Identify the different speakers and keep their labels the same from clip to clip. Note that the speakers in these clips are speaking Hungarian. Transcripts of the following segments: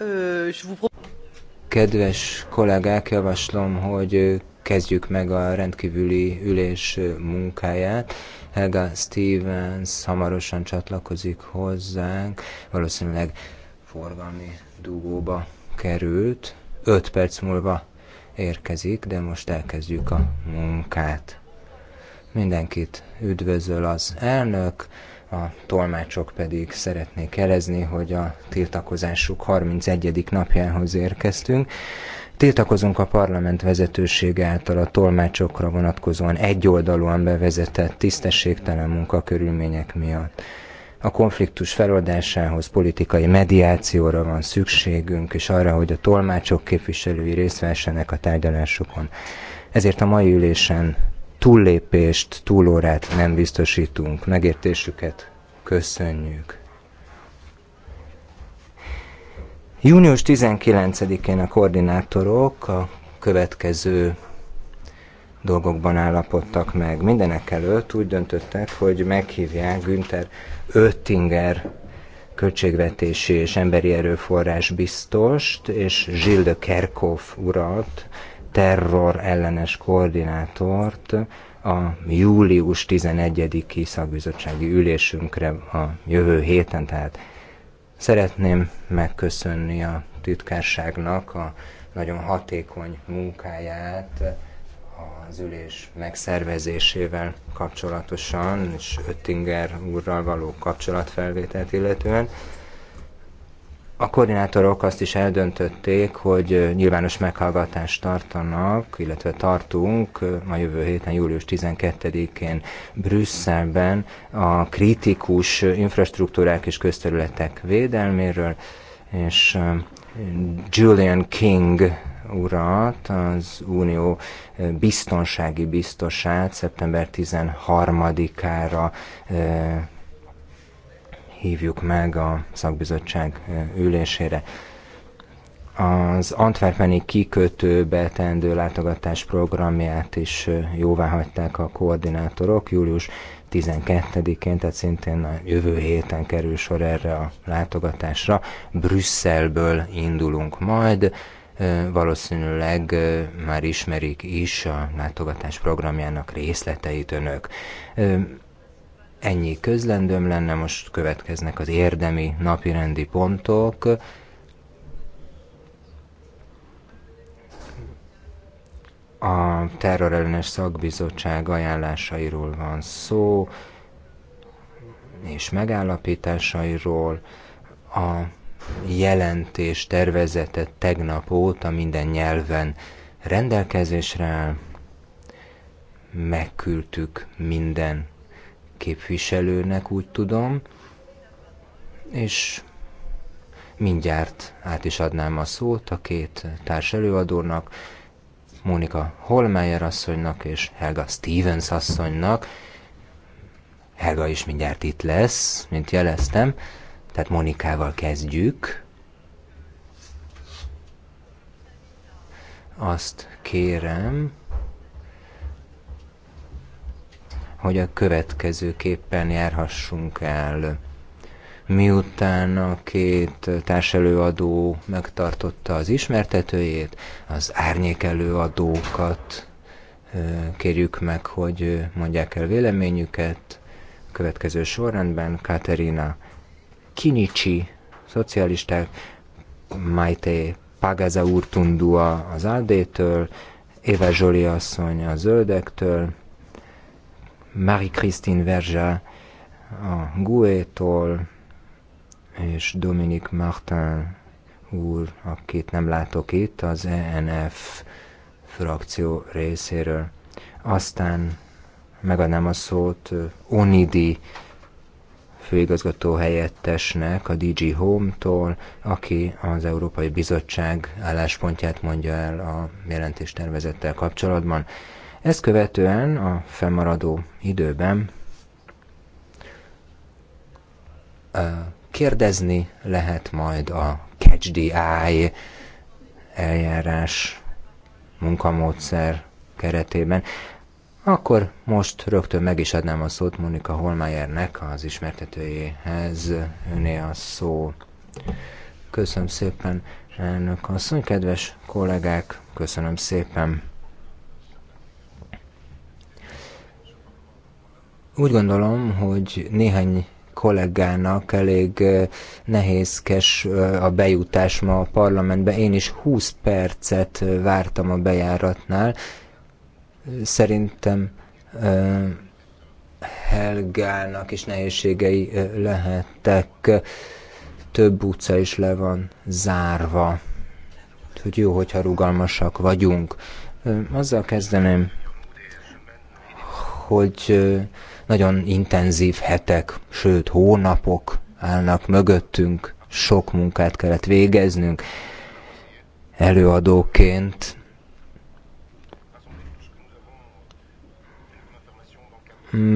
Speaker 1: Euh,
Speaker 2: Kedves kollégák, javaslom, hogy kezdjük meg a rendkívüli ülés munkáját. Helga Stevens hamarosan csatlakozik hozzánk, valószínűleg forgalmi dugóba került. Öt perc múlva érkezik, de most elkezdjük a munkát. Mindenkit üdvözöl az elnök, a tolmácsok pedig szeretnék jelezni, hogy a tiltakozásuk 31. napjához érkeztünk. Tiltakozunk a parlament vezetősége által a tolmácsokra vonatkozóan egyoldalúan bevezetett tisztességtelen munkakörülmények miatt. A konfliktus feloldásához politikai mediációra van szükségünk, és arra, hogy a tolmácsok képviselői részt vessenek a tárgyalásokon. Ezért a mai ülésen túllépést, túlórát nem biztosítunk. Megértésüket köszönjük. Június 19-én a koordinátorok a következő dolgokban állapodtak meg. Mindenek előtt úgy döntöttek, hogy meghívják Günther Öttinger költségvetési és emberi erőforrás biztost, és Zsilde Kerkov Kerkhoff urat, terror ellenes koordinátort a július 11-i szakbizottsági ülésünkre a jövő héten, tehát szeretném megköszönni a titkárságnak a nagyon hatékony munkáját az ülés megszervezésével kapcsolatosan, és Öttinger úrral való kapcsolatfelvételt illetően. A koordinátorok azt is eldöntötték, hogy nyilvános meghallgatást tartanak, illetve tartunk ma jövő héten, július 12-én Brüsszelben a kritikus infrastruktúrák és közterületek védelméről, és Julian King urat, az Unió biztonsági biztosát szeptember 13-ára hívjuk meg a szakbizottság ülésére. Az antwerpeni kikötőbe tendő látogatás programját is jóvá hagyták a koordinátorok. Július 12-én, tehát szintén a jövő héten kerül sor erre a látogatásra. Brüsszelből indulunk majd, valószínűleg már ismerik is a látogatás programjának részleteit önök. Ennyi közlendőm lenne, most következnek az érdemi napirendi pontok. A terrorellenes szakbizottság ajánlásairól van szó, és megállapításairól. A jelentés tervezetet tegnap óta minden nyelven rendelkezésre áll, megküldtük minden képviselőnek, úgy tudom, és mindjárt át is adnám a szót a két társ előadónak, Mónika Holmeyer asszonynak és Helga Stevens asszonynak. Helga is mindjárt itt lesz, mint jeleztem, tehát Mónikával kezdjük. Azt kérem, hogy a következőképpen járhassunk el. Miután a két társelőadó megtartotta az ismertetőjét, az árnyékelőadókat kérjük meg, hogy mondják el véleményüket. A következő sorrendben Katerina Kinicsi, szocialisták, Maite Pagaza Urtundua az Aldétől, Éva Zsoli asszony a Zöldektől, Marie-Christine Verzsa a gue és Dominique Martin úr, akit nem látok itt, az ENF frakció részéről. Aztán megadnám a szót Onidi főigazgató helyettesnek a DG Home-tól, aki az Európai Bizottság álláspontját mondja el a jelentéstervezettel kapcsolatban. Ezt követően a fennmaradó időben kérdezni lehet majd a Catch the Eye eljárás munkamódszer keretében. Akkor most rögtön meg is adnám a szót Monika Holmeyernek az ismertetőjéhez. Öné a szó. Köszönöm szépen, elnök asszony, kedves kollégák, köszönöm szépen. Úgy gondolom, hogy néhány kollégának elég nehézkes a bejutás ma a parlamentbe. Én is 20 percet vártam a bejáratnál. Szerintem Helgának is nehézségei lehettek. Több utca is le van zárva. Hogy jó, hogyha rugalmasak vagyunk. Azzal kezdeném, hogy nagyon intenzív hetek, sőt hónapok állnak mögöttünk, sok munkát kellett végeznünk. Előadóként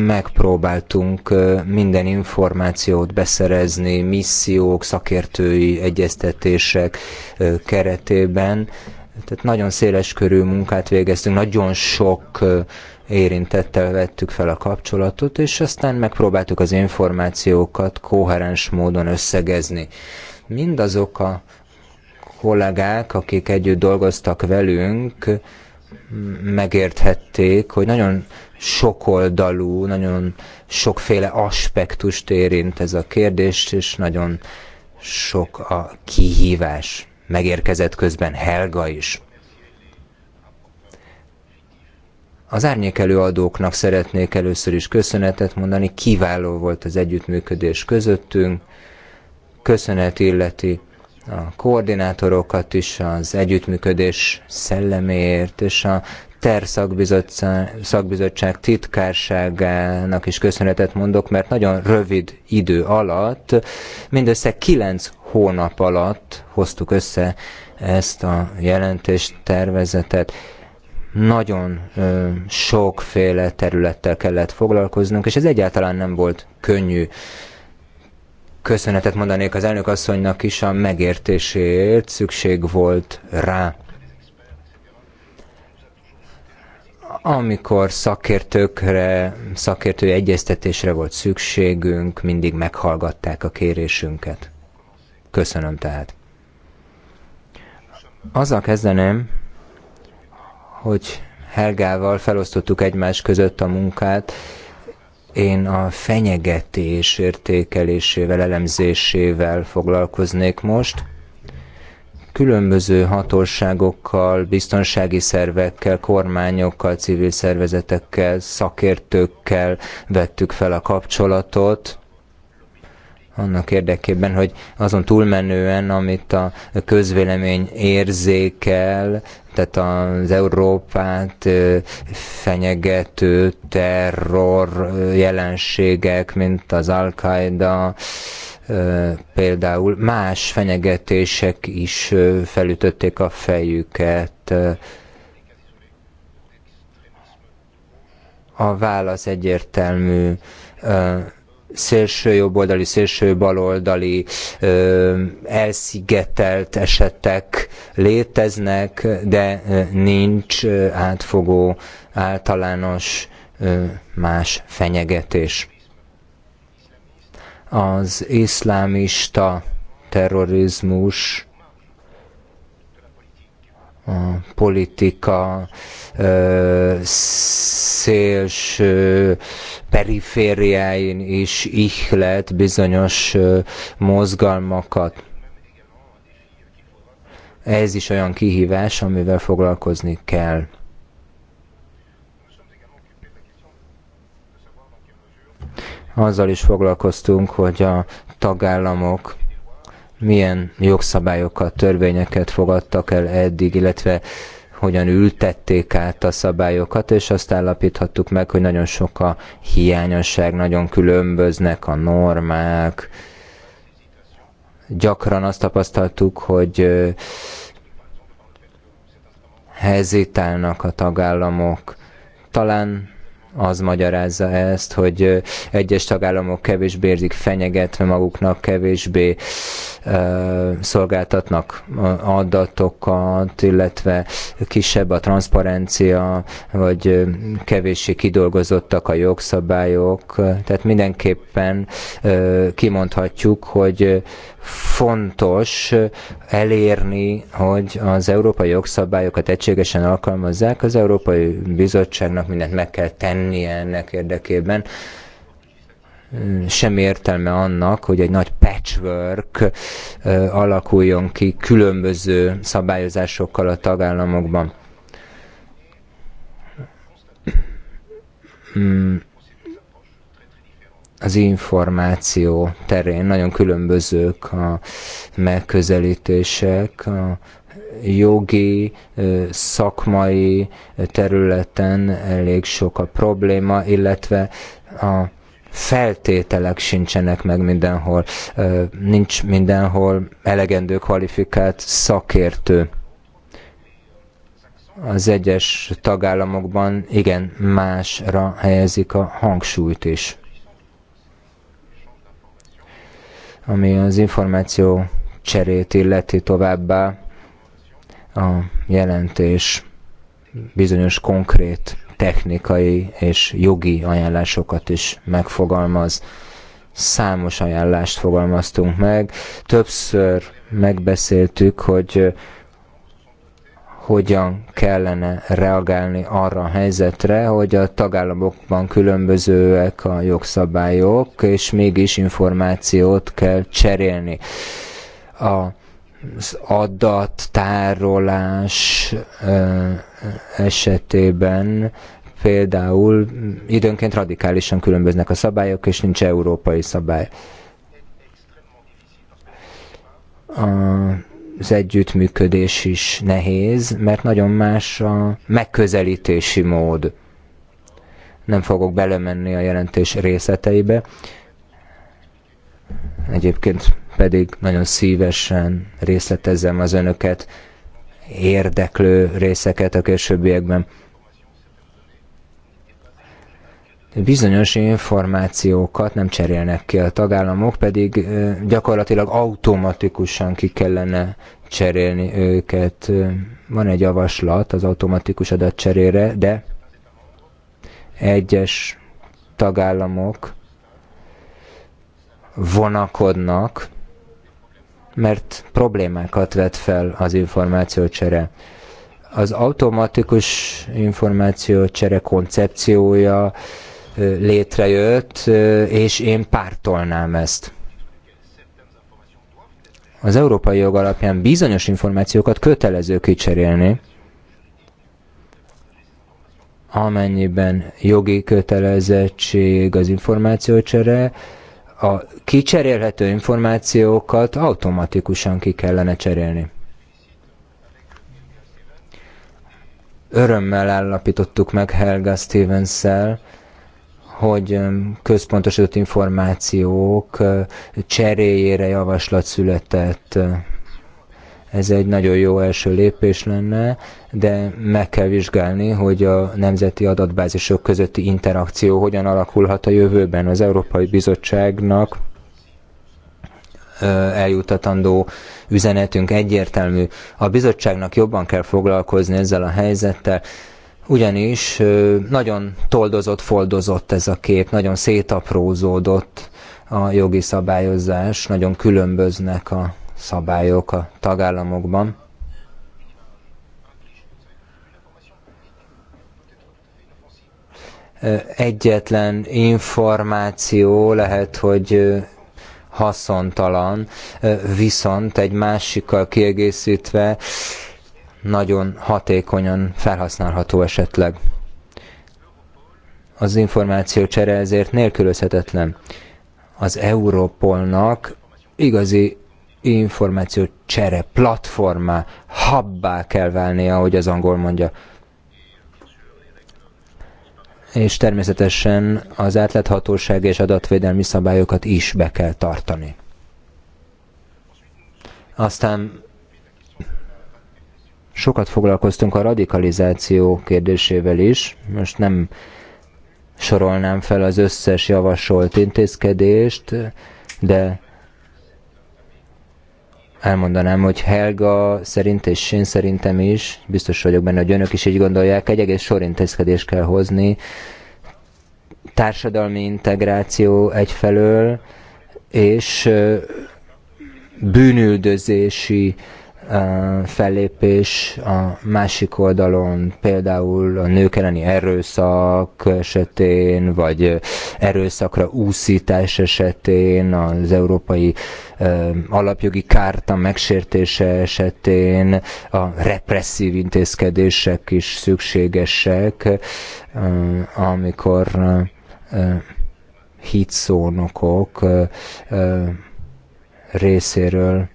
Speaker 2: megpróbáltunk minden információt beszerezni missziók, szakértői egyeztetések keretében, tehát nagyon széles körű munkát végeztünk, nagyon sok érintettel vettük fel a kapcsolatot, és aztán megpróbáltuk az információkat koherens módon összegezni. Mindazok a kollégák, akik együtt dolgoztak velünk, megérthették, hogy nagyon sokoldalú, nagyon sokféle aspektust érint ez a kérdés, és nagyon sok a kihívás megérkezett közben Helga is. Az árnyékelőadóknak szeretnék először is köszönetet mondani, kiváló volt az együttműködés közöttünk, köszönet illeti a koordinátorokat is az együttműködés szelleméért, és a TER szakbizottság, szakbizottság titkárságának is köszönetet mondok, mert nagyon rövid idő alatt mindössze kilenc hónap alatt hoztuk össze ezt a jelentést, tervezetet. Nagyon ö, sokféle területtel kellett foglalkoznunk, és ez egyáltalán nem volt könnyű. Köszönetet mondanék az elnök asszonynak is a megértéséért, szükség volt rá. amikor szakértőkre, szakértői egyeztetésre volt szükségünk, mindig meghallgatták a kérésünket. Köszönöm tehát. Azzal kezdeném, hogy Helgával felosztottuk egymás között a munkát, én a fenyegetés értékelésével, elemzésével foglalkoznék most. Különböző hatóságokkal, biztonsági szervekkel, kormányokkal, civil szervezetekkel, szakértőkkel vettük fel a kapcsolatot, annak érdekében, hogy azon túlmenően, amit a közvélemény érzékel, tehát az Európát fenyegető terror jelenségek, mint az Al-Qaeda, például más fenyegetések is felütötték a fejüket. A válasz egyértelmű szélső jobboldali, szélső baloldali ö, elszigetelt esetek léteznek, de nincs átfogó, általános ö, más fenyegetés. Az iszlámista terrorizmus a politika szélső perifériáin is ihlet bizonyos mozgalmakat. Ez is olyan kihívás, amivel foglalkozni kell. Azzal is foglalkoztunk, hogy a tagállamok milyen jogszabályokat, törvényeket fogadtak el eddig, illetve hogyan ültették át a szabályokat, és azt állapíthattuk meg, hogy nagyon sok a hiányosság, nagyon különböznek a normák. Gyakran azt tapasztaltuk, hogy hezitálnak a tagállamok. Talán az magyarázza ezt, hogy egyes tagállamok kevésbé érzik fenyegetve maguknak, kevésbé szolgáltatnak adatokat, illetve kisebb a transzparencia, vagy kevéssé kidolgozottak a jogszabályok. Tehát mindenképpen kimondhatjuk, hogy fontos elérni, hogy az európai jogszabályokat egységesen alkalmazzák. Az Európai Bizottságnak mindent meg kell tennie ennek érdekében, sem értelme annak, hogy egy nagy patchwork alakuljon ki különböző szabályozásokkal a tagállamokban. Hmm. Az információ terén nagyon különbözők a megközelítések, a jogi, szakmai területen elég sok a probléma, illetve a feltételek sincsenek meg mindenhol, nincs mindenhol elegendő kvalifikált szakértő. Az egyes tagállamokban igen másra helyezik a hangsúlyt is. Ami az információ cserét illeti továbbá a jelentés bizonyos konkrét technikai és jogi ajánlásokat is megfogalmaz. Számos ajánlást fogalmaztunk meg. Többször megbeszéltük, hogy hogyan kellene reagálni arra a helyzetre, hogy a tagállamokban különbözőek a jogszabályok, és mégis információt kell cserélni. A az adattárolás esetében például időnként radikálisan különböznek a szabályok, és nincs európai szabály. Az együttműködés is nehéz, mert nagyon más a megközelítési mód. Nem fogok belemenni a jelentés részleteibe, egyébként pedig nagyon szívesen részletezem az önöket érdeklő részeket a későbbiekben. Bizonyos információkat nem cserélnek ki a tagállamok, pedig gyakorlatilag automatikusan ki kellene cserélni őket. Van egy javaslat az automatikus adatcserére, de egyes tagállamok vonakodnak mert problémákat vet fel az információcsere. Az automatikus információcsere koncepciója létrejött, és én pártolnám ezt az európai jog alapján bizonyos információkat kötelező kicserélni, amennyiben jogi kötelezettség az információcsere, a kicserélhető információkat automatikusan ki kellene cserélni. Örömmel állapítottuk meg Helga stevens hogy um, központosított információk uh, cseréjére javaslat született uh, ez egy nagyon jó első lépés lenne, de meg kell vizsgálni, hogy a nemzeti adatbázisok közötti interakció hogyan alakulhat a jövőben. Az Európai Bizottságnak eljutatandó üzenetünk egyértelmű. A bizottságnak jobban kell foglalkozni ezzel a helyzettel, ugyanis nagyon toldozott, foldozott ez a kép, nagyon szétaprózódott a jogi szabályozás, nagyon különböznek a szabályok a tagállamokban. Egyetlen információ lehet, hogy haszontalan, viszont egy másikkal kiegészítve nagyon hatékonyan felhasználható esetleg. Az információ csere ezért nélkülözhetetlen. Az európolnak igazi információ csere, platformá, habbá kell válnia, ahogy az angol mondja. És természetesen az átláthatóság és adatvédelmi szabályokat is be kell tartani. Aztán sokat foglalkoztunk a radikalizáció kérdésével is. Most nem sorolnám fel az összes javasolt intézkedést, de elmondanám, hogy Helga szerint és én szerintem is, biztos vagyok benne, hogy önök is így gondolják, egy egész intézkedést kell hozni, társadalmi integráció egyfelől, és bűnüldözési fellépés a másik oldalon, például a nők elleni erőszak esetén, vagy erőszakra úszítás esetén, az európai alapjogi kárta megsértése esetén, a represszív intézkedések is szükségesek, amikor hitszónokok részéről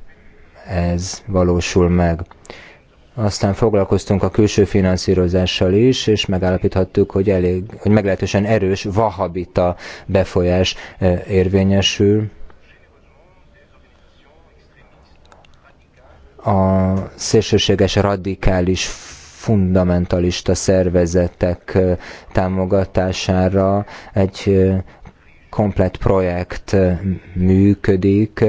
Speaker 2: ez valósul meg. Aztán foglalkoztunk a külső finanszírozással is, és megállapíthattuk, hogy, elég, hogy meglehetősen erős vahabita befolyás e, érvényesül. A szélsőséges radikális fundamentalista szervezetek e, támogatására egy e, komplet projekt működik,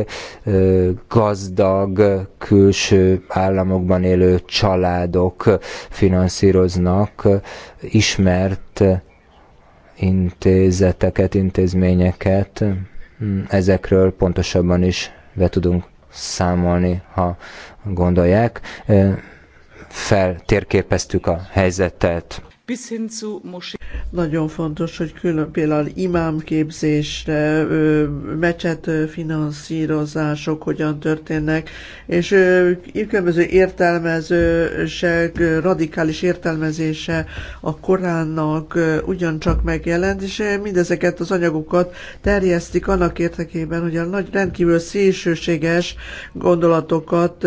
Speaker 2: gazdag külső államokban élő családok finanszíroznak ismert intézeteket, intézményeket, ezekről pontosabban is be tudunk számolni, ha gondolják. Feltérképeztük a helyzetet
Speaker 3: bis hin zu Nagyon fontos, hogy külön például imámképzésre, mecset finanszírozások hogyan történnek, és különböző értelmezőség, radikális értelmezése a Koránnak ugyancsak megjelent, és mindezeket az anyagokat terjesztik annak érdekében, hogy a nagy rendkívül szélsőséges gondolatokat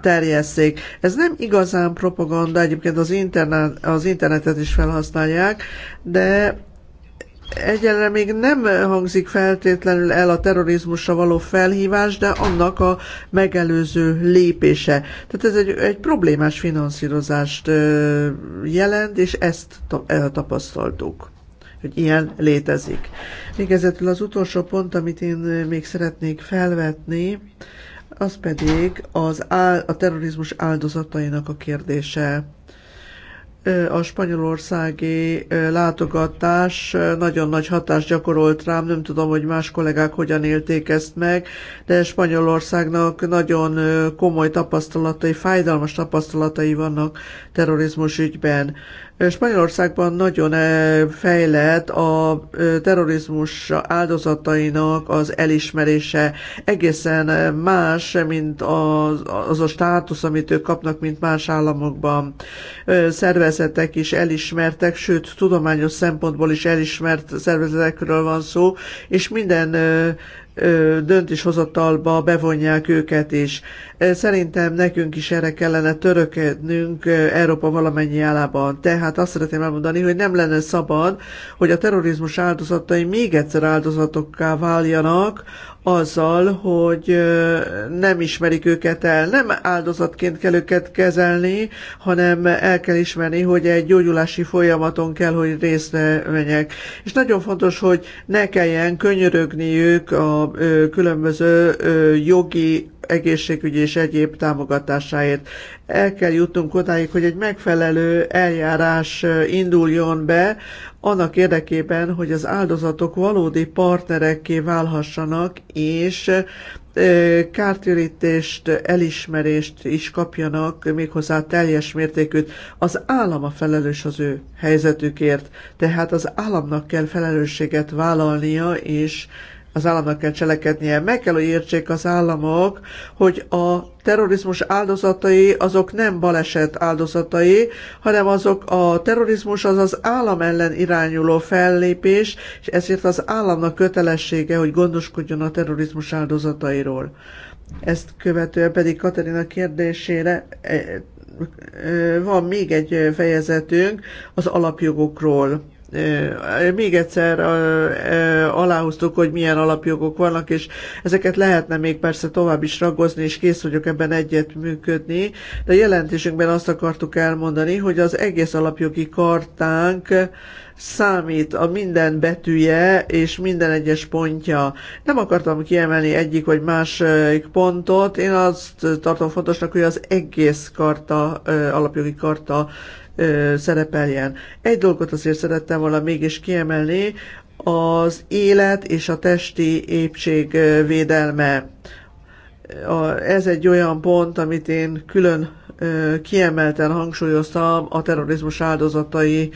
Speaker 3: terjesszék. Ez nem igazán propaganda, egyébként az, internet, az internetet is felhasználják, de Egyelőre még nem hangzik feltétlenül el a terrorizmusra való felhívás, de annak a megelőző lépése. Tehát ez egy, egy problémás finanszírozást jelent, és ezt e, tapasztaltuk hogy ilyen létezik. Végezetül az utolsó pont, amit én még szeretnék felvetni, az pedig az áll, a terrorizmus áldozatainak a kérdése. A spanyolországi látogatás nagyon nagy hatást gyakorolt rám, nem tudom, hogy más kollégák hogyan élték ezt meg, de Spanyolországnak nagyon komoly tapasztalatai, fájdalmas tapasztalatai vannak terrorizmus ügyben. Spanyolországban nagyon eh, fejlett a eh, terrorizmus áldozatainak az elismerése. Egészen eh, más, mint az, az a státusz, amit ők kapnak, mint más államokban. Szervezetek is elismertek, sőt, tudományos szempontból is elismert szervezetekről van szó, és minden döntéshozatalba bevonják őket is. Szerintem nekünk is erre kellene törökednünk Európa valamennyi állában. Tehát azt szeretném elmondani, hogy nem lenne szabad, hogy a terrorizmus áldozatai még egyszer áldozatokká váljanak, azzal, hogy nem ismerik őket el. Nem áldozatként kell őket kezelni, hanem el kell ismerni, hogy egy gyógyulási folyamaton kell, hogy részt menjek. És nagyon fontos, hogy ne kelljen könyörögniük a különböző jogi egészségügyi és egyéb támogatásáért. El kell jutnunk odáig, hogy egy megfelelő eljárás induljon be, annak érdekében, hogy az áldozatok valódi partnerekké válhassanak, és kártérítést, elismerést is kapjanak, méghozzá teljes mértékűt. Az állam a felelős az ő helyzetükért, tehát az államnak kell felelősséget vállalnia, és az államnak kell cselekednie. Meg kell, hogy értsék az államok, hogy a terrorizmus áldozatai azok nem baleset áldozatai, hanem azok a terrorizmus az az állam ellen irányuló fellépés, és ezért az államnak kötelessége, hogy gondoskodjon a terrorizmus áldozatairól. Ezt követően pedig Katarina kérdésére eh, eh, van még egy fejezetünk az alapjogokról még egyszer aláhoztuk, hogy milyen alapjogok vannak, és ezeket lehetne még persze tovább is ragozni, és kész vagyok ebben egyet működni, de jelentésünkben azt akartuk elmondani, hogy az egész alapjogi kartánk számít a minden betűje és minden egyes pontja. Nem akartam kiemelni egyik vagy másik pontot, én azt tartom fontosnak, hogy az egész karta, alapjogi karta ö, szerepeljen. Egy dolgot azért szerettem volna mégis kiemelni, az élet és a testi épség védelme. Ez egy olyan pont, amit én külön kiemelten hangsúlyoztam a terrorizmus áldozatai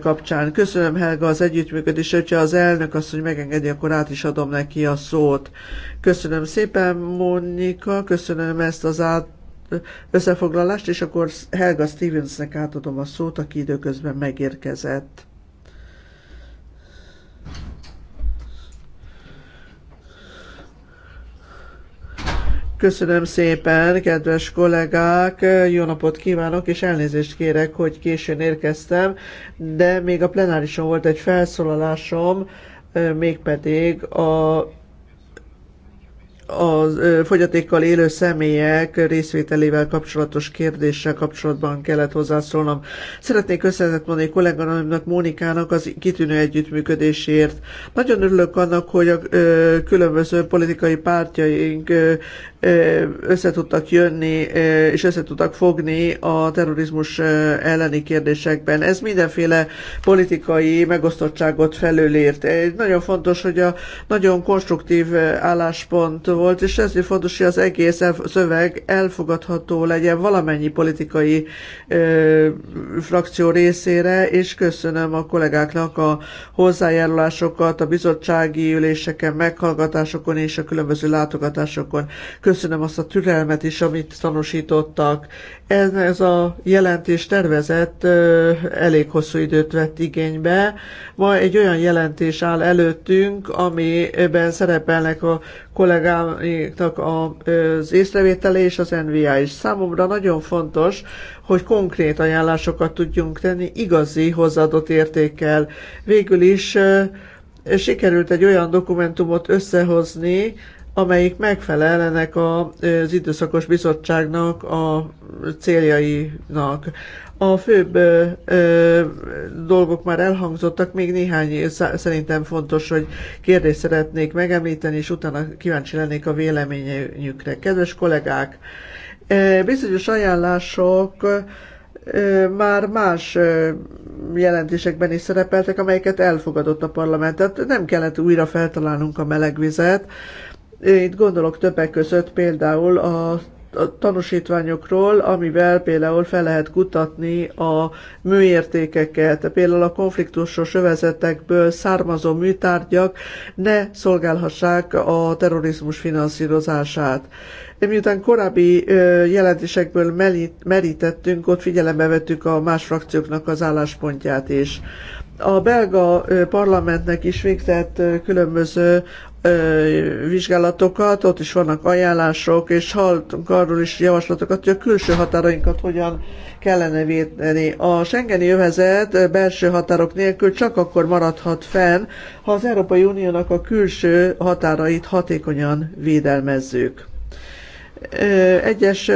Speaker 3: kapcsán. Köszönöm Helga az együttműködés, hogyha az elnök azt, hogy megengedi, akkor át is adom neki a szót. Köszönöm szépen, Monika, köszönöm ezt az át összefoglalást, és akkor Helga Stevensnek átadom a szót, aki időközben megérkezett. Köszönöm szépen, kedves kollégák, jó napot kívánok, és elnézést kérek, hogy későn érkeztem, de még a plenárison volt egy felszólalásom, mégpedig a a fogyatékkal élő személyek részvételével kapcsolatos kérdéssel kapcsolatban kellett hozzászólnom. Szeretnék köszönetet mondani kolléganőmnek, Mónikának az kitűnő együttműködésért. Nagyon örülök annak, hogy a különböző politikai pártjaink összetudtak jönni és összetudtak fogni a terrorizmus elleni kérdésekben. Ez mindenféle politikai megosztottságot felülírt. Nagyon fontos, hogy a nagyon konstruktív álláspont volt, és ezért fontos, hogy az egész szöveg elfogadható legyen valamennyi politikai ö, frakció részére, és köszönöm a kollégáknak a hozzájárulásokat, a bizottsági üléseken, meghallgatásokon és a különböző látogatásokon. Köszönöm azt a türelmet is, amit tanúsítottak ez, ez a jelentés tervezett elég hosszú időt vett igénybe. Ma egy olyan jelentés áll előttünk, amiben szerepelnek a kollégáinknak az észrevétele és az NVI is. Számomra nagyon fontos, hogy konkrét ajánlásokat tudjunk tenni igazi hozzáadott értékkel. Végül is sikerült egy olyan dokumentumot összehozni, amelyik megfelel ennek az időszakos bizottságnak a céljainak. A főbb ö, ö, dolgok már elhangzottak, még néhány szerintem fontos, hogy kérdést szeretnék megemlíteni, és utána kíváncsi lennék a véleményükre. Kedves kollégák, ö, bizonyos ajánlások ö, már más ö, jelentésekben is szerepeltek, amelyeket elfogadott a parlament. Tehát nem kellett újra feltalálnunk a melegvizet, itt gondolok többek között például a a tanúsítványokról, amivel például fel lehet kutatni a műértékeket. Például a konfliktusos övezetekből származó műtárgyak ne szolgálhassák a terrorizmus finanszírozását. Miután korábbi jelentésekből merítettünk, ott figyelembe vettük a más frakcióknak az álláspontját is a belga parlamentnek is végzett különböző vizsgálatokat, ott is vannak ajánlások, és hallottunk arról is javaslatokat, hogy a külső határainkat hogyan kellene védeni. A Schengeni övezet belső határok nélkül csak akkor maradhat fenn, ha az Európai Uniónak a külső határait hatékonyan védelmezzük egyes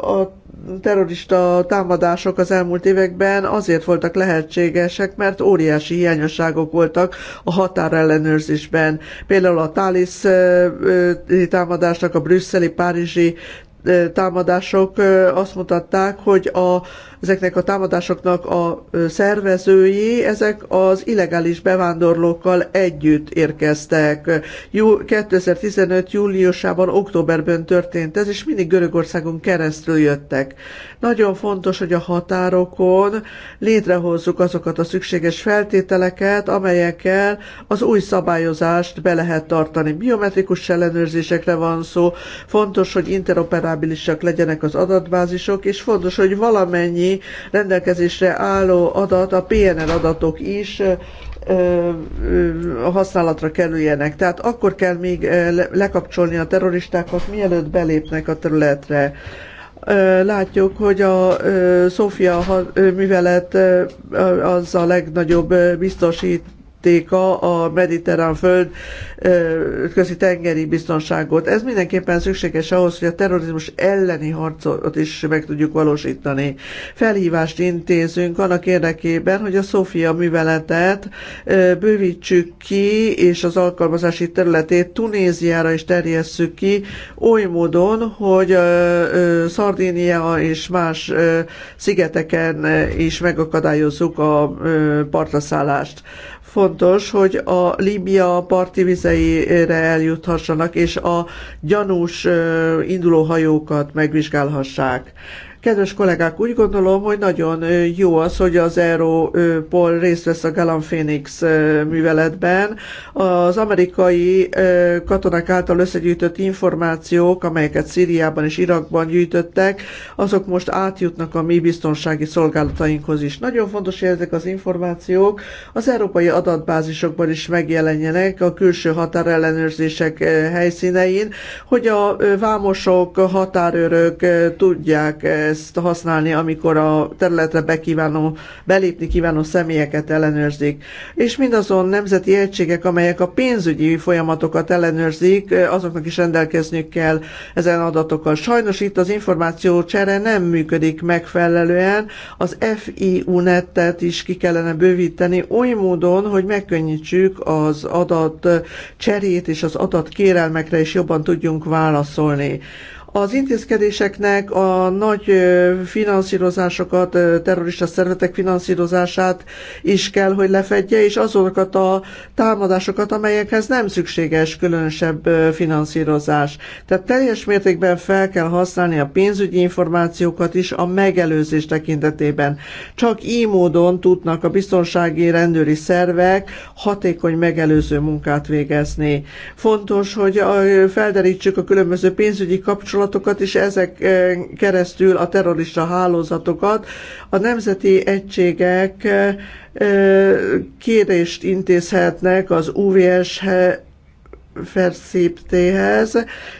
Speaker 3: a terrorista támadások az elmúlt években azért voltak lehetségesek, mert óriási hiányosságok voltak a határellenőrzésben. Például a Thalys támadásnak, a brüsszeli, párizsi támadások azt mutatták, hogy a ezeknek a támadásoknak a szervezői, ezek az illegális bevándorlókkal együtt érkeztek. 2015. júliusában, októberben történt ez, és mindig Görögországon keresztül jöttek. Nagyon fontos, hogy a határokon létrehozzuk azokat a szükséges feltételeket, amelyekkel az új szabályozást be lehet tartani. Biometrikus ellenőrzésekre van szó, fontos, hogy interoperábilisak legyenek az adatbázisok, és fontos, hogy valamennyi rendelkezésre álló adat, a PNR adatok is használatra kerüljenek. Tehát akkor kell még lekapcsolni a terroristákat, mielőtt belépnek a területre látjuk, hogy a Szófia művelet az a legnagyobb biztosít mértéka a mediterrán föld közi tengeri biztonságot. Ez mindenképpen szükséges ahhoz, hogy a terrorizmus elleni harcot is meg tudjuk valósítani. Felhívást intézünk annak érdekében, hogy a Szofia műveletet bővítsük ki, és az alkalmazási területét Tunéziára is terjesszük ki, oly módon, hogy Szardínia és más szigeteken is megakadályozzuk a partraszállást fontos, hogy a Líbia parti vizeire eljuthassanak, és a gyanús indulóhajókat megvizsgálhassák. Kedves kollégák, úgy gondolom, hogy nagyon jó az, hogy az Európol részt vesz a Galan Phoenix műveletben. Az amerikai katonák által összegyűjtött információk, amelyeket Szíriában és Irakban gyűjtöttek, azok most átjutnak a mi biztonsági szolgálatainkhoz is. Nagyon fontos, hogy ezek az információk az európai adatbázisokban is megjelenjenek a külső határellenőrzések helyszínein, hogy a vámosok, határőrök tudják ezt használni, amikor a területre bekívánó, belépni kívánó személyeket ellenőrzik. És mindazon nemzeti egységek, amelyek a pénzügyi folyamatokat ellenőrzik, azoknak is rendelkezniük kell ezen adatokkal. Sajnos itt az információ csere nem működik megfelelően, az FIU nettet is ki kellene bővíteni oly módon, hogy megkönnyítsük az adat cserét és az adat kérelmekre is jobban tudjunk válaszolni. Az intézkedéseknek a nagy finanszírozásokat, terrorista szervetek finanszírozását is kell, hogy lefedje, és azokat a támadásokat, amelyekhez nem szükséges különösebb finanszírozás. Tehát teljes mértékben fel kell használni a pénzügyi információkat is a megelőzés tekintetében. Csak így módon tudnak a biztonsági rendőri szervek hatékony megelőző munkát végezni. Fontos, hogy felderítsük a különböző pénzügyi kapcsolatokat, hálózatokat, és ezek eh, keresztül a terrorista hálózatokat. A nemzeti egységek eh, kérést intézhetnek az UVS hez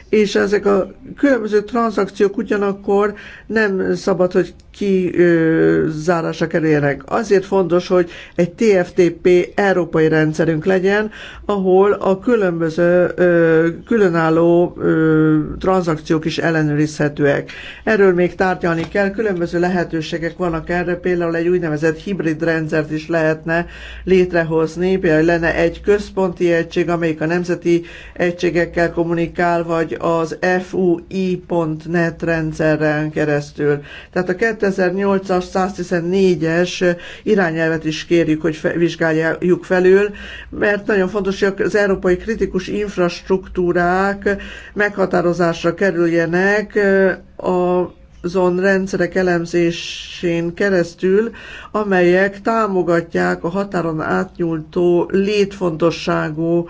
Speaker 3: és ezek a különböző tranzakciók ugyanakkor nem szabad, hogy kizárásra kerüljenek. Azért fontos, hogy egy TFTP európai rendszerünk legyen, ahol a különböző ö, különálló ö, tranzakciók is ellenőrizhetőek. Erről még tárgyalni kell, különböző lehetőségek vannak erre, például egy úgynevezett hibrid rendszert is lehetne létrehozni, például lenne egy központi egység, amelyik a nemzeti egységekkel kommunikál, vagy az FUI.net rendszeren keresztül. Tehát a 2008-as 114-es irányelvet is kérjük, hogy fe, vizsgáljuk felül, mert nagyon fontos, hogy az európai kritikus infrastruktúrák meghatározásra kerüljenek a azon rendszerek elemzésén keresztül, amelyek támogatják a határon átnyúltó létfontosságú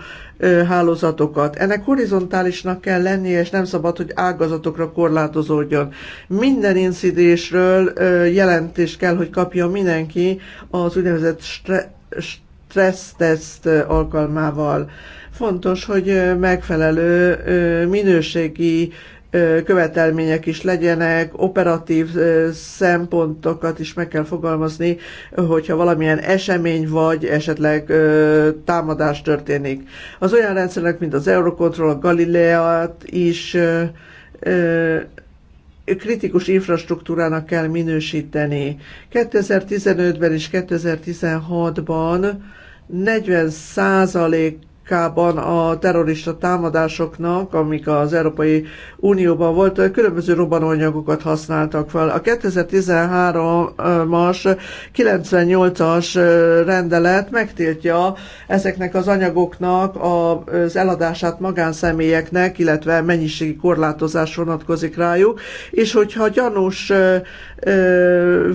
Speaker 3: hálózatokat. Ennek horizontálisnak kell lennie, és nem szabad, hogy ágazatokra korlátozódjon. Minden incidésről jelentést kell, hogy kapja mindenki az úgynevezett stre- teszt alkalmával. Fontos, hogy megfelelő minőségi követelmények is legyenek, operatív szempontokat is meg kell fogalmazni, hogyha valamilyen esemény vagy esetleg támadás történik. Az olyan rendszerek, mint az Eurocontrol, a Galileát is kritikus infrastruktúrának kell minősíteni. 2015-ben és 2016-ban 40 Afrikában a terrorista támadásoknak, amik az Európai Unióban volt, különböző robbanóanyagokat használtak fel. A 2013-as 98-as rendelet megtiltja ezeknek az anyagoknak az eladását magánszemélyeknek, illetve mennyiségi korlátozás vonatkozik rájuk, és hogyha gyanús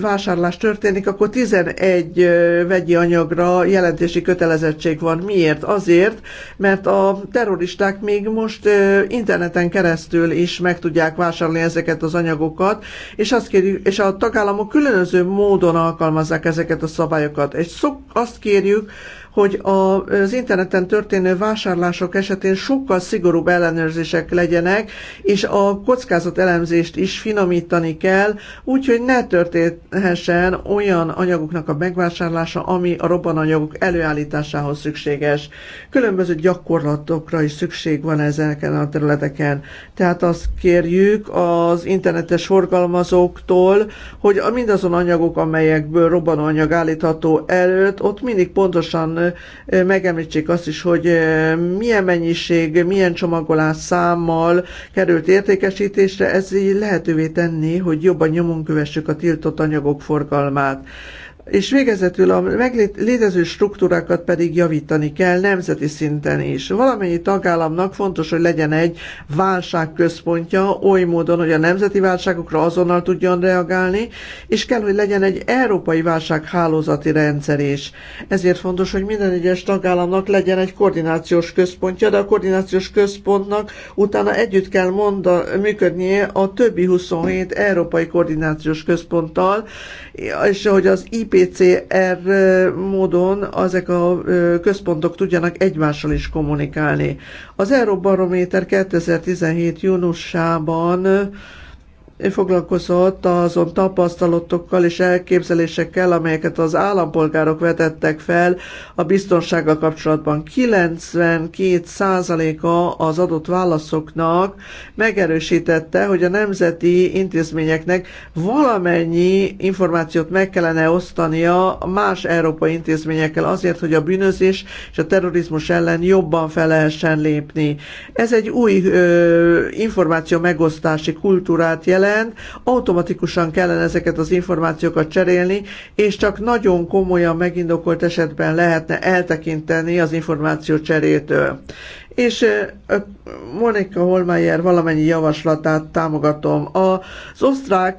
Speaker 3: vásárlás történik, akkor 11 vegyi anyagra jelentési kötelezettség van. Miért? Azért, mert a terroristák még most interneten keresztül is meg tudják vásárolni ezeket az anyagokat, és, azt kérjük, és a tagállamok különböző módon alkalmazzák ezeket a szabályokat. És szok, azt kérjük, hogy az interneten történő vásárlások esetén sokkal szigorúbb ellenőrzések legyenek, és a kockázat elemzést is finomítani kell, úgyhogy ne történhessen olyan anyagoknak a megvásárlása, ami a robbananyagok előállításához szükséges. Különböző gyakorlatokra is szükség van ezeken a területeken. Tehát azt kérjük az internetes forgalmazóktól, hogy mindazon anyagok, amelyekből robbanóanyag állítható előtt, ott mindig pontosan megemlítsék azt is, hogy milyen mennyiség, milyen csomagolás számmal került értékesítésre, ez így lehetővé tenni, hogy jobban nyomon kövessük a tiltott anyagok forgalmát és végezetül a létező struktúrákat pedig javítani kell nemzeti szinten is. Valamennyi tagállamnak fontos, hogy legyen egy válságközpontja oly módon, hogy a nemzeti válságokra azonnal tudjon reagálni, és kell, hogy legyen egy európai válsághálózati rendszer is. Ezért fontos, hogy minden egyes tagállamnak legyen egy koordinációs központja, de a koordinációs központnak utána együtt kell monda, működnie a többi 27 európai koordinációs központtal, és hogy az IP PCR módon ezek a központok tudjanak egymással is kommunikálni. Az Euróbarométer 2017. júniusában foglalkozott azon tapasztalatokkal és elképzelésekkel, amelyeket az állampolgárok vetettek fel a biztonsággal kapcsolatban. 92%-a az adott válaszoknak megerősítette, hogy a nemzeti intézményeknek valamennyi információt meg kellene osztania más európai intézményekkel azért, hogy a bűnözés és a terrorizmus ellen jobban fel lehessen lépni. Ez egy új ö, információ megosztási kultúrát jelent, esetben automatikusan kellene ezeket az információkat cserélni, és csak nagyon komolyan megindokolt esetben lehetne eltekinteni az információ cserétől és Monika Holmeyer valamennyi javaslatát támogatom. Az osztrák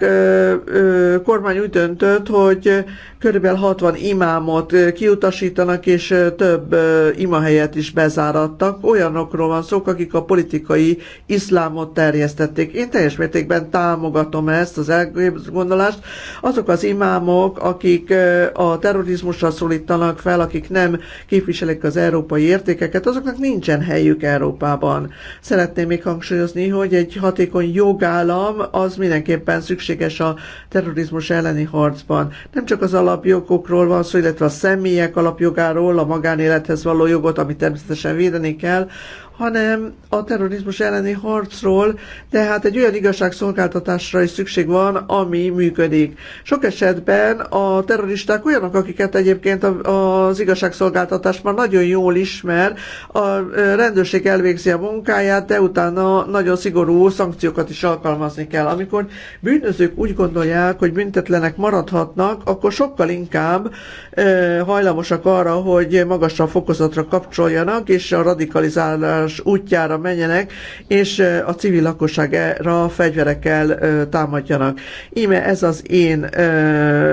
Speaker 3: kormány úgy döntött, hogy körülbelül 60 imámot kiutasítanak, és több imahelyet is bezárattak. Olyanokról van szó, akik a politikai iszlámot terjesztették. Én teljes mértékben támogatom ezt az elgondolást. Azok az imámok, akik a terrorizmusra szólítanak fel, akik nem képviselik az európai értékeket, azoknak nincsen hely helyük Európában. Szeretném még hangsúlyozni, hogy egy hatékony jogállam az mindenképpen szükséges a terrorizmus elleni harcban. Nem csak az alapjogokról van szó, illetve a személyek alapjogáról, a magánélethez való jogot, amit természetesen védeni kell, hanem a terrorizmus elleni harcról, de hát egy olyan igazságszolgáltatásra is szükség van, ami működik. Sok esetben a terroristák olyanok, akiket egyébként az igazságszolgáltatás már nagyon jól ismer, a rendőrség elvégzi a munkáját, de utána nagyon szigorú szankciókat is alkalmazni kell. Amikor bűnözők úgy gondolják, hogy büntetlenek maradhatnak, akkor sokkal inkább hajlamosak arra, hogy magasabb fokozatra kapcsoljanak, és a radikalizálás megoldás útjára menjenek, és a civil lakosságra fegyverekkel támadjanak. Íme ez az én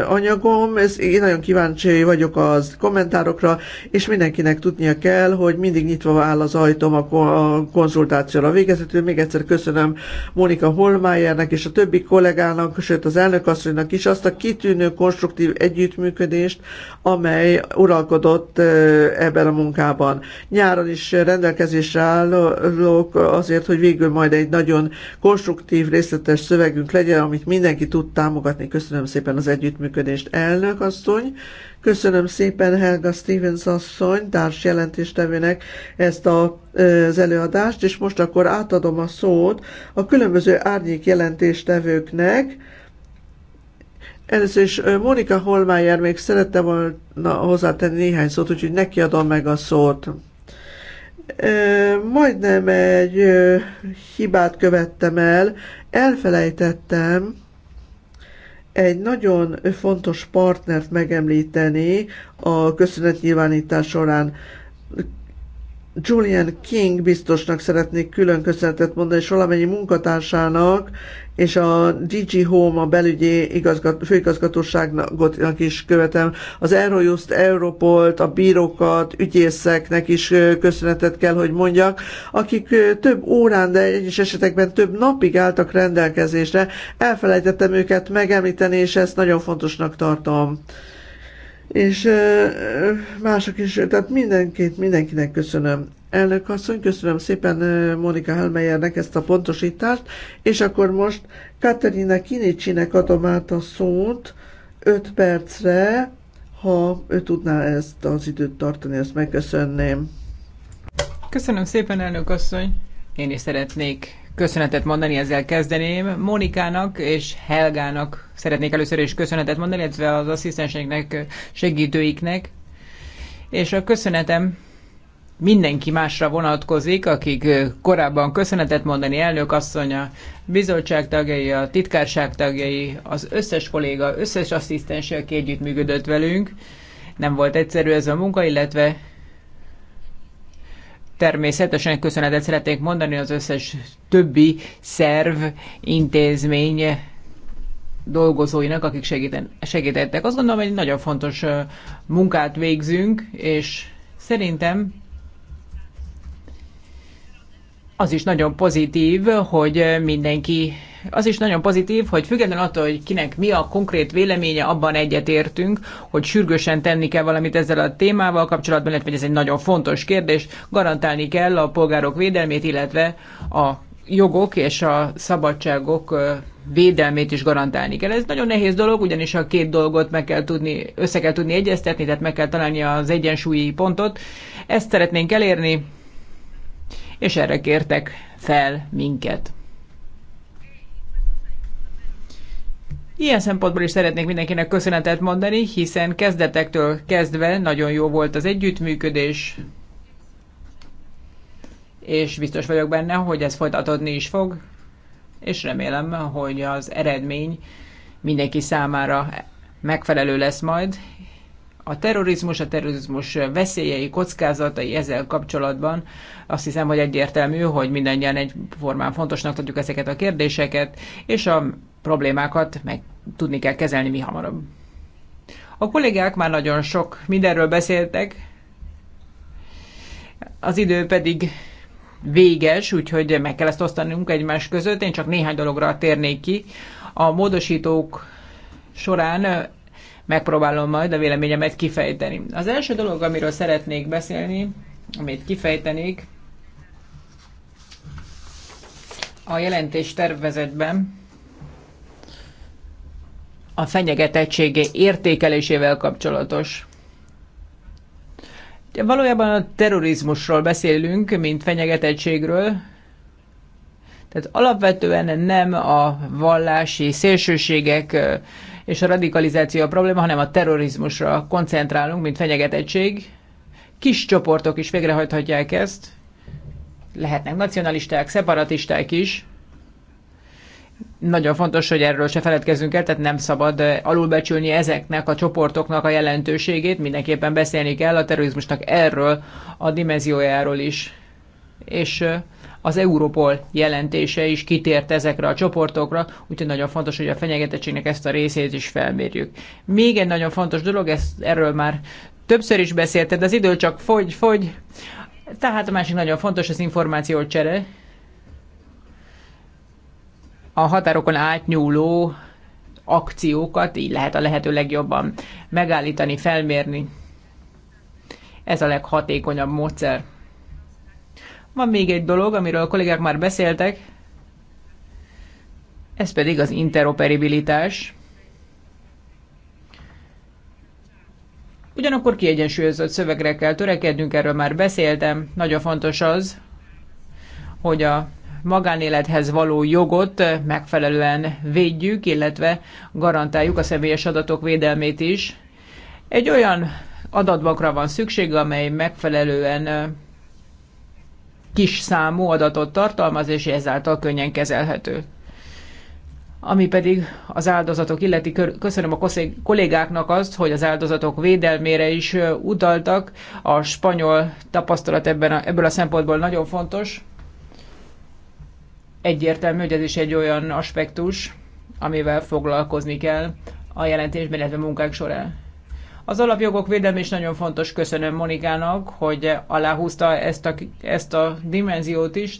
Speaker 3: anyagom, ez, én nagyon kíváncsi vagyok az kommentárokra, és mindenkinek tudnia kell, hogy mindig nyitva áll az ajtom a konzultációra. Végezetül még egyszer köszönöm Monika Holmájernek és a többi kollégának, sőt az elnökasszonynak is azt a kitűnő konstruktív együttműködést, amely uralkodott ebben a munkában. Nyáron is rendelkezésre gratulálok azért, hogy végül majd egy nagyon konstruktív, részletes szövegünk legyen, amit mindenki tud támogatni. Köszönöm szépen az együttműködést, elnök asszony. Köszönöm szépen Helga Stevens asszony, társ jelentéstevőnek ezt a, az előadást, és most akkor átadom a szót a különböző árnyék jelentéstevőknek, Először is Monika Holmájer még szerette volna hozzátenni néhány szót, úgyhogy neki adom meg a szót majdnem egy hibát követtem el, elfelejtettem egy nagyon fontos partnert megemlíteni a köszönetnyilvánítás során. Julian King biztosnak szeretnék külön köszönetet mondani, és valamennyi munkatársának, és a DG Home, a belügyi igazgat, főigazgatóságnak is követem, az Eurojust, Europolt, a bírókat, ügyészeknek is köszönetet kell, hogy mondjak, akik több órán, de egyes esetekben több napig álltak rendelkezésre. Elfelejtettem őket megemlíteni, és ezt nagyon fontosnak tartom és mások is, tehát mindenkit, mindenkinek köszönöm. Elnök asszony, köszönöm szépen Monika Helmeyernek ezt a pontosítást, és akkor most Katerina Kinicsinek adom át a szót 5 percre, ha ő tudná ezt az időt tartani, ezt megköszönném.
Speaker 4: Köszönöm szépen, elnök asszony. Én is szeretnék köszönetet mondani, ezzel kezdeném. Monikának és Helgának szeretnék először is köszönetet mondani, illetve az asszisztenseknek, segítőiknek. És a köszönetem mindenki másra vonatkozik, akik korábban köszönetet mondani, elnök asszonya, bizottság tagjai, a titkárság tagjai, az összes kolléga, összes asszisztens, aki együttműködött velünk. Nem volt egyszerű ez a munka, illetve Természetesen köszönetet szeretnék mondani az összes többi szerv, intézmény dolgozóinak, akik segíten, segítettek. Azt gondolom, hogy nagyon fontos munkát végzünk, és szerintem az is nagyon pozitív, hogy mindenki az is nagyon pozitív, hogy függetlenül attól, hogy kinek mi a konkrét véleménye, abban egyetértünk, hogy sürgősen tenni kell valamit ezzel a témával kapcsolatban, illetve ez egy nagyon fontos kérdés, garantálni kell a polgárok védelmét, illetve a jogok és a szabadságok védelmét is garantálni kell. Ez nagyon nehéz dolog, ugyanis a két dolgot meg kell tudni, össze kell tudni egyeztetni, tehát meg kell találni az egyensúlyi pontot. Ezt szeretnénk elérni, és erre kértek fel minket. Ilyen szempontból is szeretnék mindenkinek köszönetet mondani, hiszen kezdetektől kezdve nagyon jó volt az együttműködés, és biztos vagyok benne, hogy ez folytatódni is fog, és remélem, hogy az eredmény mindenki számára megfelelő lesz majd. A terrorizmus, a terrorizmus veszélyei, kockázatai ezzel kapcsolatban azt hiszem, hogy egyértelmű, hogy mindannyian egyformán fontosnak tartjuk ezeket a kérdéseket, és a problémákat meg tudni kell kezelni mi hamarabb. A kollégák már nagyon sok mindenről beszéltek, az idő pedig véges, úgyhogy meg kell ezt osztanunk egymás között. Én csak néhány dologra térnék ki. A módosítók során megpróbálom majd a véleményemet kifejteni. Az első dolog, amiről szeretnék beszélni, amit kifejtenék, a jelentés tervezetben a fenyegetettségé értékelésével kapcsolatos. Valójában a terrorizmusról beszélünk, mint fenyegetettségről, tehát alapvetően nem a vallási szélsőségek és a radikalizáció a probléma, hanem a terrorizmusra koncentrálunk, mint fenyegetettség. Kis csoportok is végrehajthatják ezt, lehetnek nacionalisták, szeparatisták is, nagyon fontos, hogy erről se feledkezzünk el, tehát nem szabad alulbecsülni ezeknek a csoportoknak a jelentőségét, mindenképpen beszélni kell a terrorizmusnak erről a dimenziójáról is. És az Europol jelentése is kitért ezekre a csoportokra, úgyhogy nagyon fontos, hogy a fenyegetettségnek ezt a részét is felmérjük. Még egy nagyon fontos dolog, ezt, erről már többször is beszélted, az idő csak fogy, fogy. Tehát a másik nagyon fontos az információ csere a határokon átnyúló akciókat így lehet a lehető legjobban megállítani, felmérni. Ez a leghatékonyabb módszer. Van még egy dolog, amiről a kollégák már beszéltek, ez pedig az interoperabilitás. Ugyanakkor kiegyensúlyozott szövegre kell törekednünk, erről már beszéltem. Nagyon fontos az, hogy a magánélethez való jogot megfelelően védjük, illetve garantáljuk a személyes adatok védelmét is. Egy olyan adatbankra van szükség, amely megfelelően kis számú adatot tartalmaz, és ezáltal könnyen kezelhető. Ami pedig az áldozatok illeti, köszönöm a kollégáknak azt, hogy az áldozatok védelmére is utaltak. A spanyol tapasztalat ebben a, ebből a szempontból nagyon fontos egyértelmű, hogy ez is egy olyan aspektus, amivel foglalkozni kell a jelentésben, illetve munkák során. Az alapjogok védelme is nagyon fontos. Köszönöm Monikának, hogy aláhúzta ezt a, ezt a dimenziót is.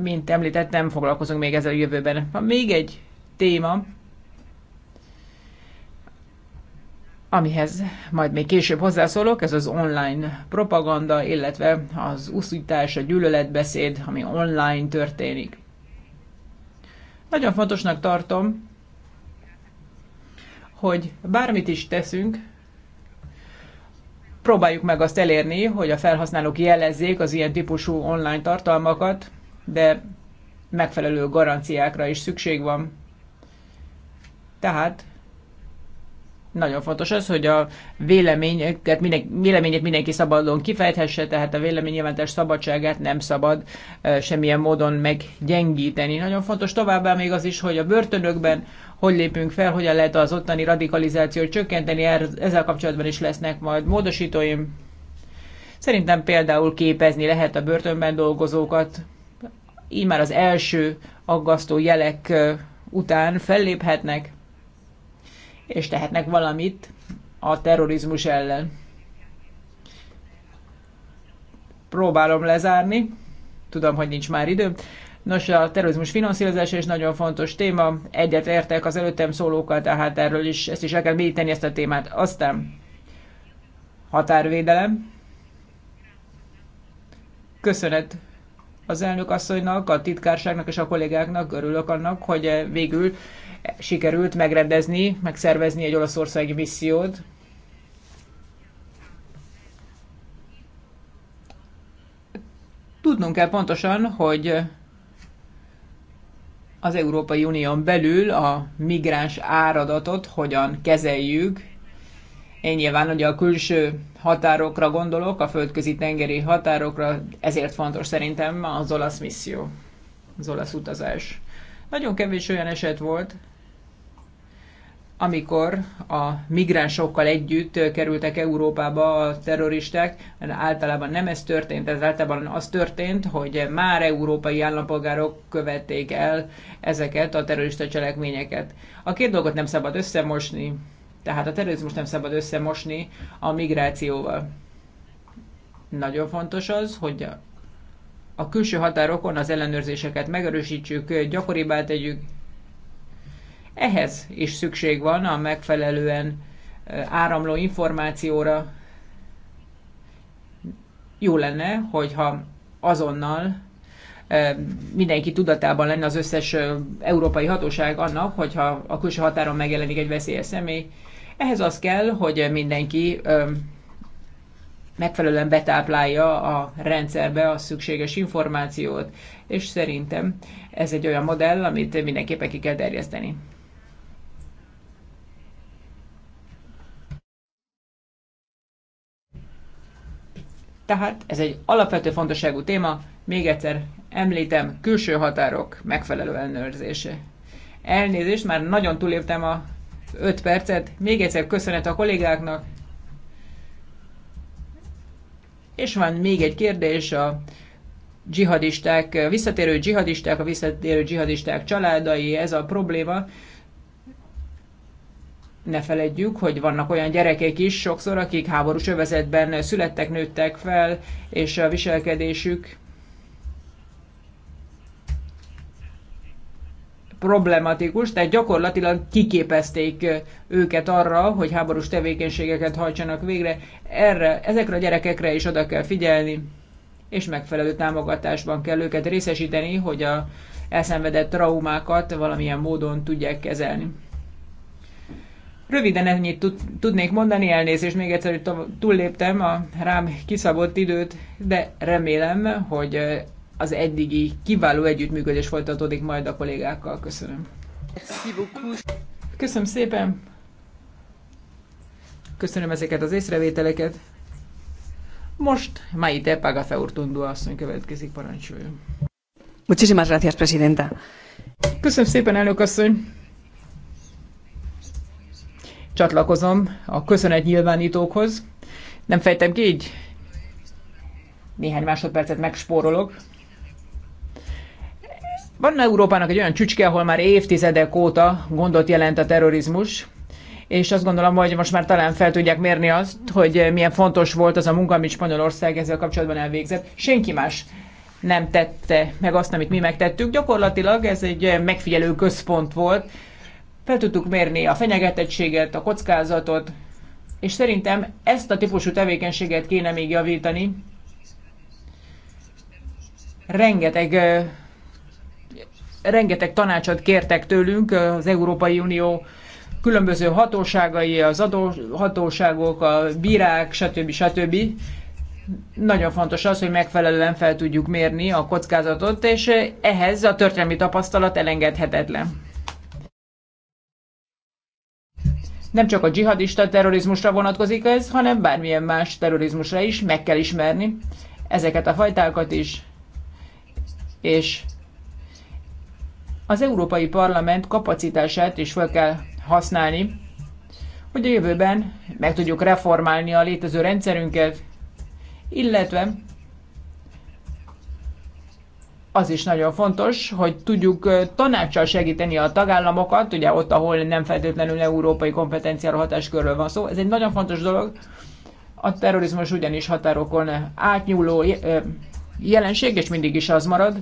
Speaker 4: Mint említettem, foglalkozunk még ezzel a jövőben. Van még egy téma, amihez majd még később hozzászólok, ez az online propaganda, illetve az uszítás, a gyűlöletbeszéd, ami online történik. Nagyon fontosnak tartom, hogy bármit is teszünk, próbáljuk meg azt elérni, hogy a felhasználók jelezzék az ilyen típusú online tartalmakat, de megfelelő garanciákra is szükség van. Tehát nagyon fontos az, hogy a véleményeket, minden, véleményét mindenki szabadon kifejthesse, tehát a véleménynyilvántás szabadságát nem szabad e, semmilyen módon meggyengíteni. Nagyon fontos továbbá még az is, hogy a börtönökben hogy lépünk fel, hogyan lehet az ottani radikalizációt csökkenteni, ezzel kapcsolatban is lesznek majd módosítóim. Szerintem például képezni lehet a börtönben dolgozókat, így már az első aggasztó jelek után felléphetnek és tehetnek valamit a terrorizmus ellen. Próbálom lezárni, tudom, hogy nincs már idő. Nos, a terrorizmus finanszírozása is nagyon fontos téma, egyet értek az előttem szólókkal, tehát erről is, ezt is el kell mélyíteni ezt a témát. Aztán határvédelem, köszönet az elnök asszonynak, a titkárságnak és a kollégáknak. Örülök annak, hogy eh, végül eh, sikerült megrendezni, megszervezni egy olaszországi missziót. Tudnunk kell pontosan, hogy eh, az Európai Unión belül a migráns áradatot hogyan kezeljük, én nyilván ugye a külső határokra gondolok, a földközi tengeri határokra, ezért fontos szerintem az olasz misszió, az olasz utazás. Nagyon kevés olyan eset volt, amikor a migránsokkal együtt kerültek Európába a terroristák, általában nem ez történt, ez általában az történt, hogy már európai állampolgárok követték el ezeket a terrorista cselekményeket. A két dolgot nem szabad összemosni, tehát a terrorizmus nem szabad összemosni a migrációval. Nagyon fontos az, hogy a külső határokon az ellenőrzéseket megerősítsük, gyakoribbá tegyük. Ehhez is szükség van a megfelelően áramló információra. Jó lenne, hogyha azonnal mindenki tudatában lenne az összes európai hatóság annak, hogyha a külső határon megjelenik egy veszélyes személy, ehhez az kell, hogy mindenki megfelelően betáplálja a rendszerbe a szükséges információt, és szerintem ez egy olyan modell, amit mindenképpen ki kell terjeszteni. Tehát ez egy alapvető fontosságú téma, még egyszer említem, külső határok megfelelő ellenőrzése. Elnézést, már nagyon túléptem a 5 percet. Még egyszer köszönet a kollégáknak. És van még egy kérdés a dzsihadisták, visszatérő dzsihadisták, a visszatérő dzsihadisták családai, ez a probléma. Ne feledjük, hogy vannak olyan gyerekek is sokszor, akik háborús övezetben születtek, nőttek fel, és a viselkedésük problematikus, tehát gyakorlatilag kiképezték őket arra, hogy háborús tevékenységeket hajtsanak végre. Erre, ezekre a gyerekekre is oda kell figyelni, és megfelelő támogatásban kell őket részesíteni, hogy a elszenvedett traumákat valamilyen módon tudják kezelni. Röviden ennyit tud, tudnék mondani, elnézést még egyszer, hogy túlléptem a rám kiszabott időt, de remélem, hogy az eddigi kiváló együttműködés folytatódik majd a kollégákkal. Köszönöm. Köszönöm szépen. Köszönöm ezeket az észrevételeket. Most mai Paga Feurtundó asszony következik, parancsoljon.
Speaker 5: Muchísimas gracias, presidenta.
Speaker 4: Köszönöm szépen, elnök asszony. Csatlakozom a köszönet nyilvánítókhoz. Nem fejtem ki így? Néhány másodpercet megspórolok. Van Európának egy olyan csücske, ahol már évtizedek óta gondot jelent a terrorizmus, és azt gondolom, hogy most már talán fel tudják mérni azt, hogy milyen fontos volt az a munka, amit Spanyolország ezzel kapcsolatban elvégzett. Senki más nem tette meg azt, amit mi megtettük. Gyakorlatilag ez egy megfigyelő központ volt. Fel tudtuk mérni a fenyegetettséget, a kockázatot, és szerintem ezt a típusú tevékenységet kéne még javítani. Rengeteg rengeteg tanácsot kértek tőlünk az Európai Unió különböző hatóságai, az hatóságok, a bírák, stb. stb. Nagyon fontos az, hogy megfelelően fel tudjuk mérni a kockázatot, és ehhez a történelmi tapasztalat elengedhetetlen. Nem csak a dzsihadista terrorizmusra vonatkozik ez, hanem bármilyen más terrorizmusra is meg kell ismerni ezeket a fajtákat is, és az Európai Parlament kapacitását is fel kell használni, hogy a jövőben meg tudjuk reformálni a létező rendszerünket, illetve az is nagyon fontos, hogy tudjuk tanácssal segíteni a tagállamokat, ugye ott, ahol nem feltétlenül európai kompetenciára hatáskörről van szó. Ez egy nagyon fontos dolog. A terrorizmus ugyanis határokon átnyúló jelenség, és mindig is az marad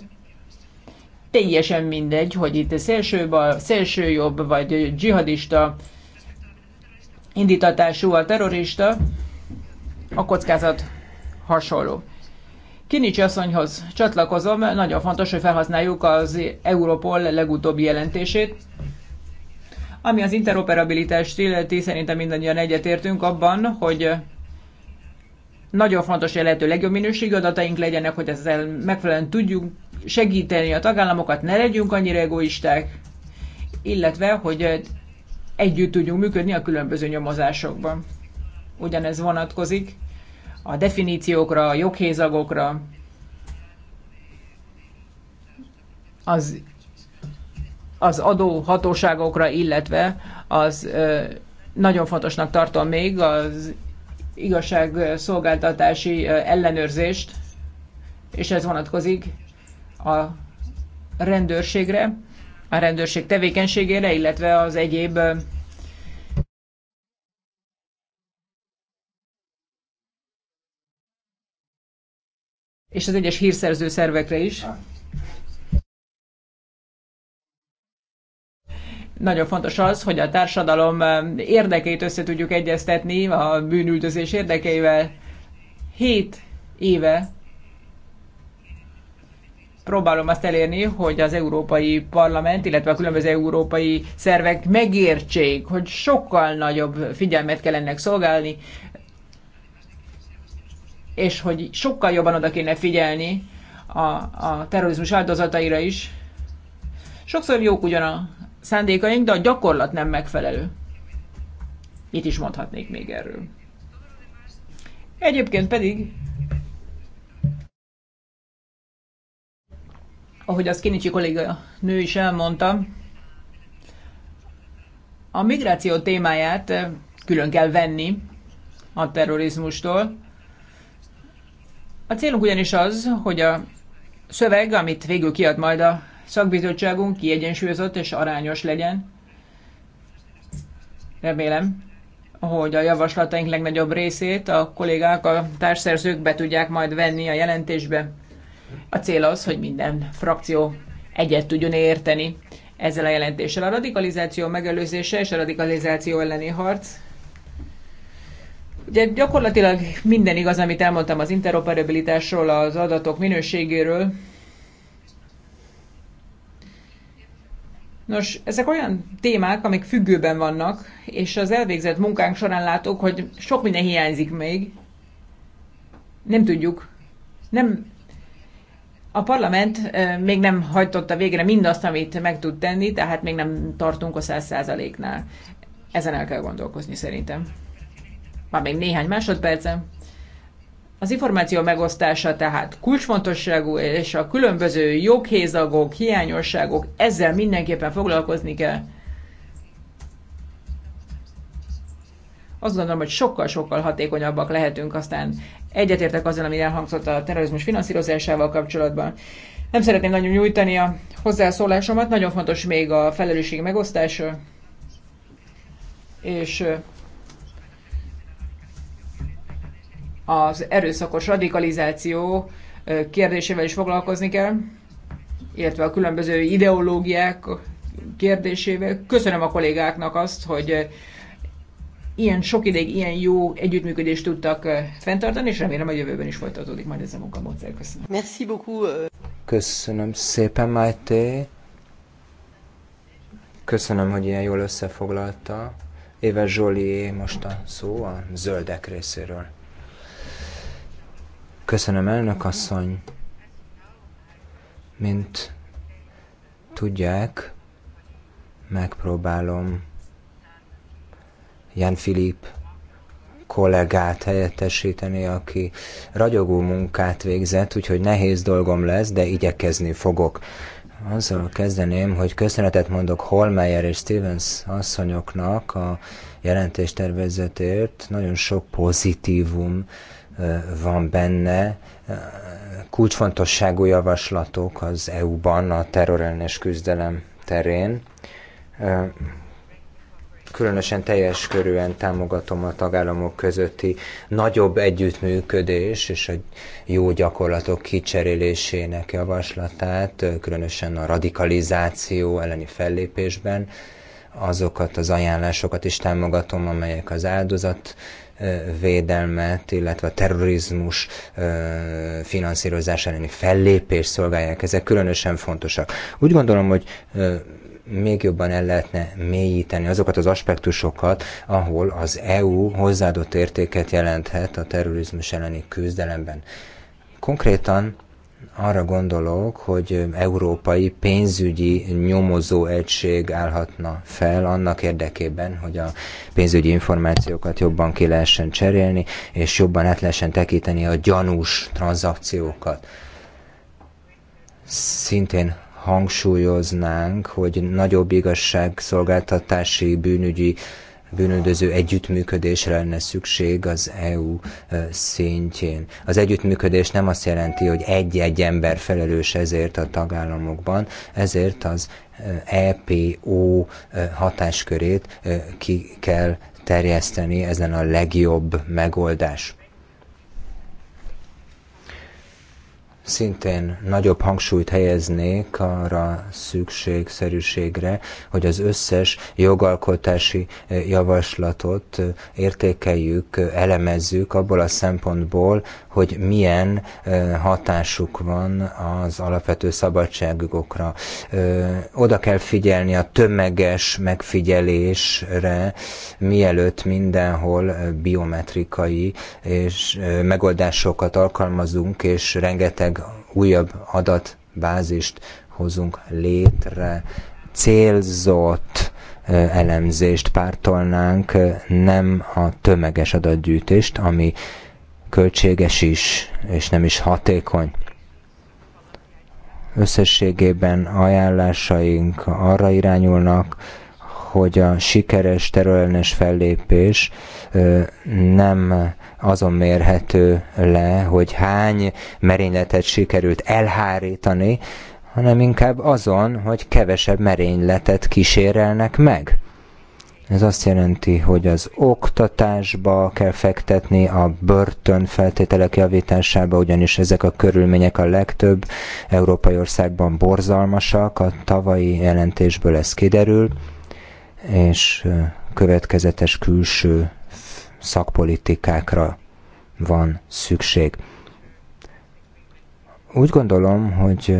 Speaker 4: teljesen mindegy, hogy itt szélső, bal, szélső jobb vagy dzsihadista indítatású a terrorista, a kockázat hasonló. Kinicsi asszonyhoz csatlakozom, nagyon fontos, hogy felhasználjuk az Europol legutóbbi jelentését. Ami az interoperabilitást illeti, szerintem mindannyian egyetértünk abban, hogy nagyon fontos, hogy a lehető legjobb minőségű adataink legyenek, hogy ezzel megfelelően tudjunk segíteni a tagállamokat, ne legyünk annyira egoisták, illetve, hogy együtt tudjunk működni a különböző nyomozásokban. Ugyanez vonatkozik a definíciókra, a joghézagokra, az, az adóhatóságokra, illetve az nagyon fontosnak tartom még az igazságszolgáltatási ellenőrzést, és ez vonatkozik a rendőrségre, a rendőrség tevékenységére, illetve az egyéb és az egyes hírszerző szervekre is. Nagyon fontos az, hogy a társadalom érdekeit össze tudjuk egyeztetni a bűnüldözés érdekeivel. Hét éve próbálom azt elérni, hogy az Európai Parlament, illetve a különböző európai szervek megértsék, hogy sokkal nagyobb figyelmet kell ennek szolgálni, és hogy sokkal jobban oda kéne figyelni a, a terrorizmus áldozataira is. Sokszor jók ugyan a szándékaink, de a gyakorlat nem megfelelő. Itt is mondhatnék még erről. Egyébként pedig ahogy az Kinicsi kolléga nő is elmondta, a migráció témáját eh, külön kell venni a terrorizmustól. A célunk ugyanis az, hogy a szöveg, amit végül kiad majd a szakbizottságunk, kiegyensúlyozott és arányos legyen. Remélem, hogy a javaslataink legnagyobb részét a kollégák, a társszerzők be tudják majd venni a jelentésbe. A cél az, hogy minden frakció egyet tudjon érteni ezzel a jelentéssel. A radikalizáció megelőzése és a radikalizáció elleni harc. Ugye gyakorlatilag minden igaz, amit elmondtam az interoperabilitásról, az adatok minőségéről. Nos, ezek olyan témák, amik függőben vannak, és az elvégzett munkánk során látok, hogy sok minden hiányzik még. Nem tudjuk, nem a parlament még nem hajtotta végre mindazt, amit meg tud tenni, tehát még nem tartunk a száz százaléknál. Ezen el kell gondolkozni szerintem. Már még néhány másodpercem. Az információ megosztása tehát kulcsfontosságú, és a különböző joghézagok, hiányosságok, ezzel mindenképpen foglalkozni kell. Azt gondolom, hogy sokkal-sokkal hatékonyabbak lehetünk aztán Egyetértek azzal, ami elhangzott a terrorizmus finanszírozásával kapcsolatban. Nem szeretném nagyon nyújtani a hozzászólásomat, nagyon fontos még a felelősség megosztása, és az erőszakos radikalizáció kérdésével is foglalkozni kell, illetve a különböző ideológiák kérdésével. Köszönöm a kollégáknak azt, hogy ilyen sok ideig ilyen jó együttműködést tudtak fenntartani, és remélem a jövőben is folytatódik majd ez a munkamódszer. Köszönöm. Merci beaucoup.
Speaker 2: Köszönöm szépen, Máté. Köszönöm, hogy ilyen jól összefoglalta. Éve Zsoli most a szó a zöldek részéről. Köszönöm, elnök asszony. Mint tudják, megpróbálom Jan Filip kollégát helyettesíteni, aki ragyogó munkát végzett, úgyhogy nehéz dolgom lesz, de igyekezni fogok. Azzal kezdeném, hogy köszönetet mondok Holmeyer és Stevens asszonyoknak a jelentéstervezetért. Nagyon sok pozitívum van benne, kulcsfontosságú javaslatok az EU-ban a terrorellenes küzdelem terén különösen teljes körűen támogatom a tagállamok közötti nagyobb együttműködés és a jó gyakorlatok kicserélésének javaslatát, különösen a radikalizáció elleni fellépésben. Azokat az ajánlásokat is támogatom, amelyek az áldozat védelmet, illetve a terrorizmus finanszírozás elleni fellépés szolgálják. Ezek különösen fontosak. Úgy gondolom, hogy még jobban el lehetne mélyíteni azokat az aspektusokat, ahol az EU hozzáadott értéket jelenthet a terrorizmus elleni küzdelemben. Konkrétan arra gondolok, hogy európai pénzügyi nyomozó egység állhatna fel annak érdekében, hogy a pénzügyi információkat jobban ki lehessen cserélni, és jobban át lehessen tekinteni a gyanús tranzakciókat. Szintén hangsúlyoznánk, hogy nagyobb igazságszolgáltatási bűnügyi bűnöldöző együttműködésre lenne szükség az EU szintjén. Az együttműködés nem azt jelenti, hogy egy-egy ember felelős ezért a tagállamokban, ezért az EPO hatáskörét ki kell terjeszteni, ezen a legjobb megoldás. szintén nagyobb hangsúlyt helyeznék arra szükségszerűségre, hogy az összes jogalkotási eh, javaslatot eh, értékeljük, eh, elemezzük abból a szempontból, hogy milyen hatásuk van az alapvető szabadságokra. Oda kell figyelni a tömeges megfigyelésre, mielőtt mindenhol biometrikai és megoldásokat alkalmazunk, és rengeteg újabb adatbázist hozunk létre, célzott elemzést pártolnánk, nem a tömeges adatgyűjtést, ami költséges is, és nem is hatékony. Összességében ajánlásaink arra irányulnak, hogy a sikeres terellenes fellépés nem azon mérhető le, hogy hány merényletet sikerült elhárítani, hanem inkább azon, hogy kevesebb merényletet kísérelnek meg. Ez azt jelenti, hogy az oktatásba kell fektetni, a börtön feltételek javításába, ugyanis ezek a körülmények a legtöbb európai országban borzalmasak, a tavalyi jelentésből ez kiderül, és következetes külső szakpolitikákra van szükség. Úgy gondolom, hogy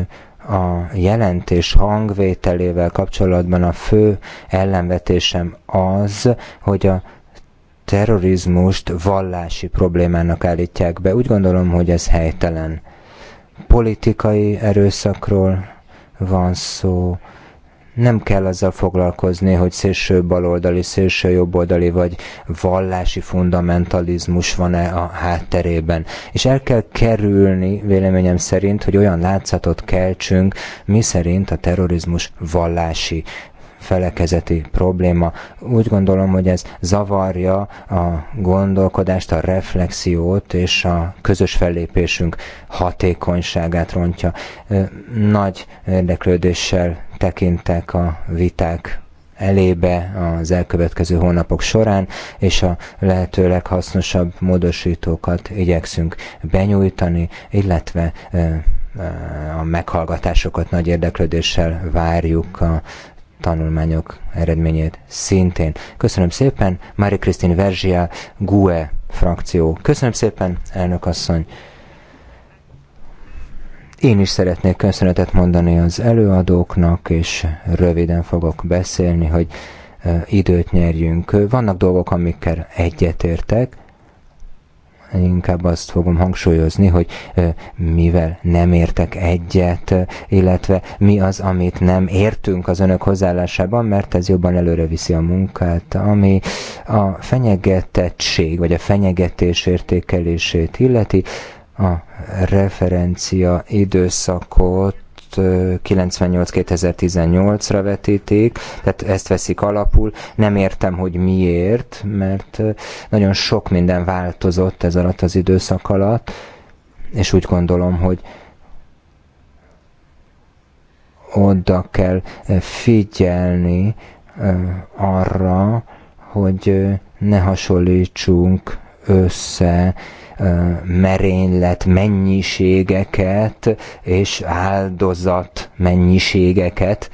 Speaker 2: a jelentés hangvételével kapcsolatban a fő ellenvetésem az, hogy a terrorizmust vallási problémának állítják be. Úgy gondolom, hogy ez helytelen. Politikai erőszakról van szó, nem kell azzal foglalkozni, hogy szélső baloldali, szélső jobboldali vagy vallási fundamentalizmus van-e a hátterében. És el kell kerülni, véleményem szerint, hogy olyan látszatot keltsünk, mi szerint a terrorizmus vallási felekezeti probléma. Úgy gondolom, hogy ez zavarja a gondolkodást, a reflexiót és a közös fellépésünk hatékonyságát rontja. Nagy érdeklődéssel tekintek a viták elébe az elkövetkező hónapok során, és a lehető leghasznosabb módosítókat igyekszünk benyújtani, illetve a meghallgatásokat nagy érdeklődéssel várjuk a tanulmányok eredményét szintén. Köszönöm szépen, Mári Krisztin Verzsia, GUE frakció. Köszönöm szépen, elnök asszony. Én is szeretnék köszönetet mondani az előadóknak, és röviden fogok beszélni, hogy időt nyerjünk. Vannak dolgok, amikkel egyetértek, inkább azt fogom hangsúlyozni, hogy mivel nem értek egyet, illetve mi az, amit nem értünk az önök hozzáállásában, mert ez jobban előre viszi a munkát, ami a fenyegetettség, vagy a fenyegetés értékelését illeti, a referencia időszakot most 98-2018-ra vetíték, tehát ezt veszik alapul. Nem értem, hogy miért, mert nagyon sok minden változott ez alatt az időszak alatt, és úgy gondolom, hogy oda kell figyelni arra, hogy ne hasonlítsunk össze merénylet mennyiségeket és áldozat mennyiségeket,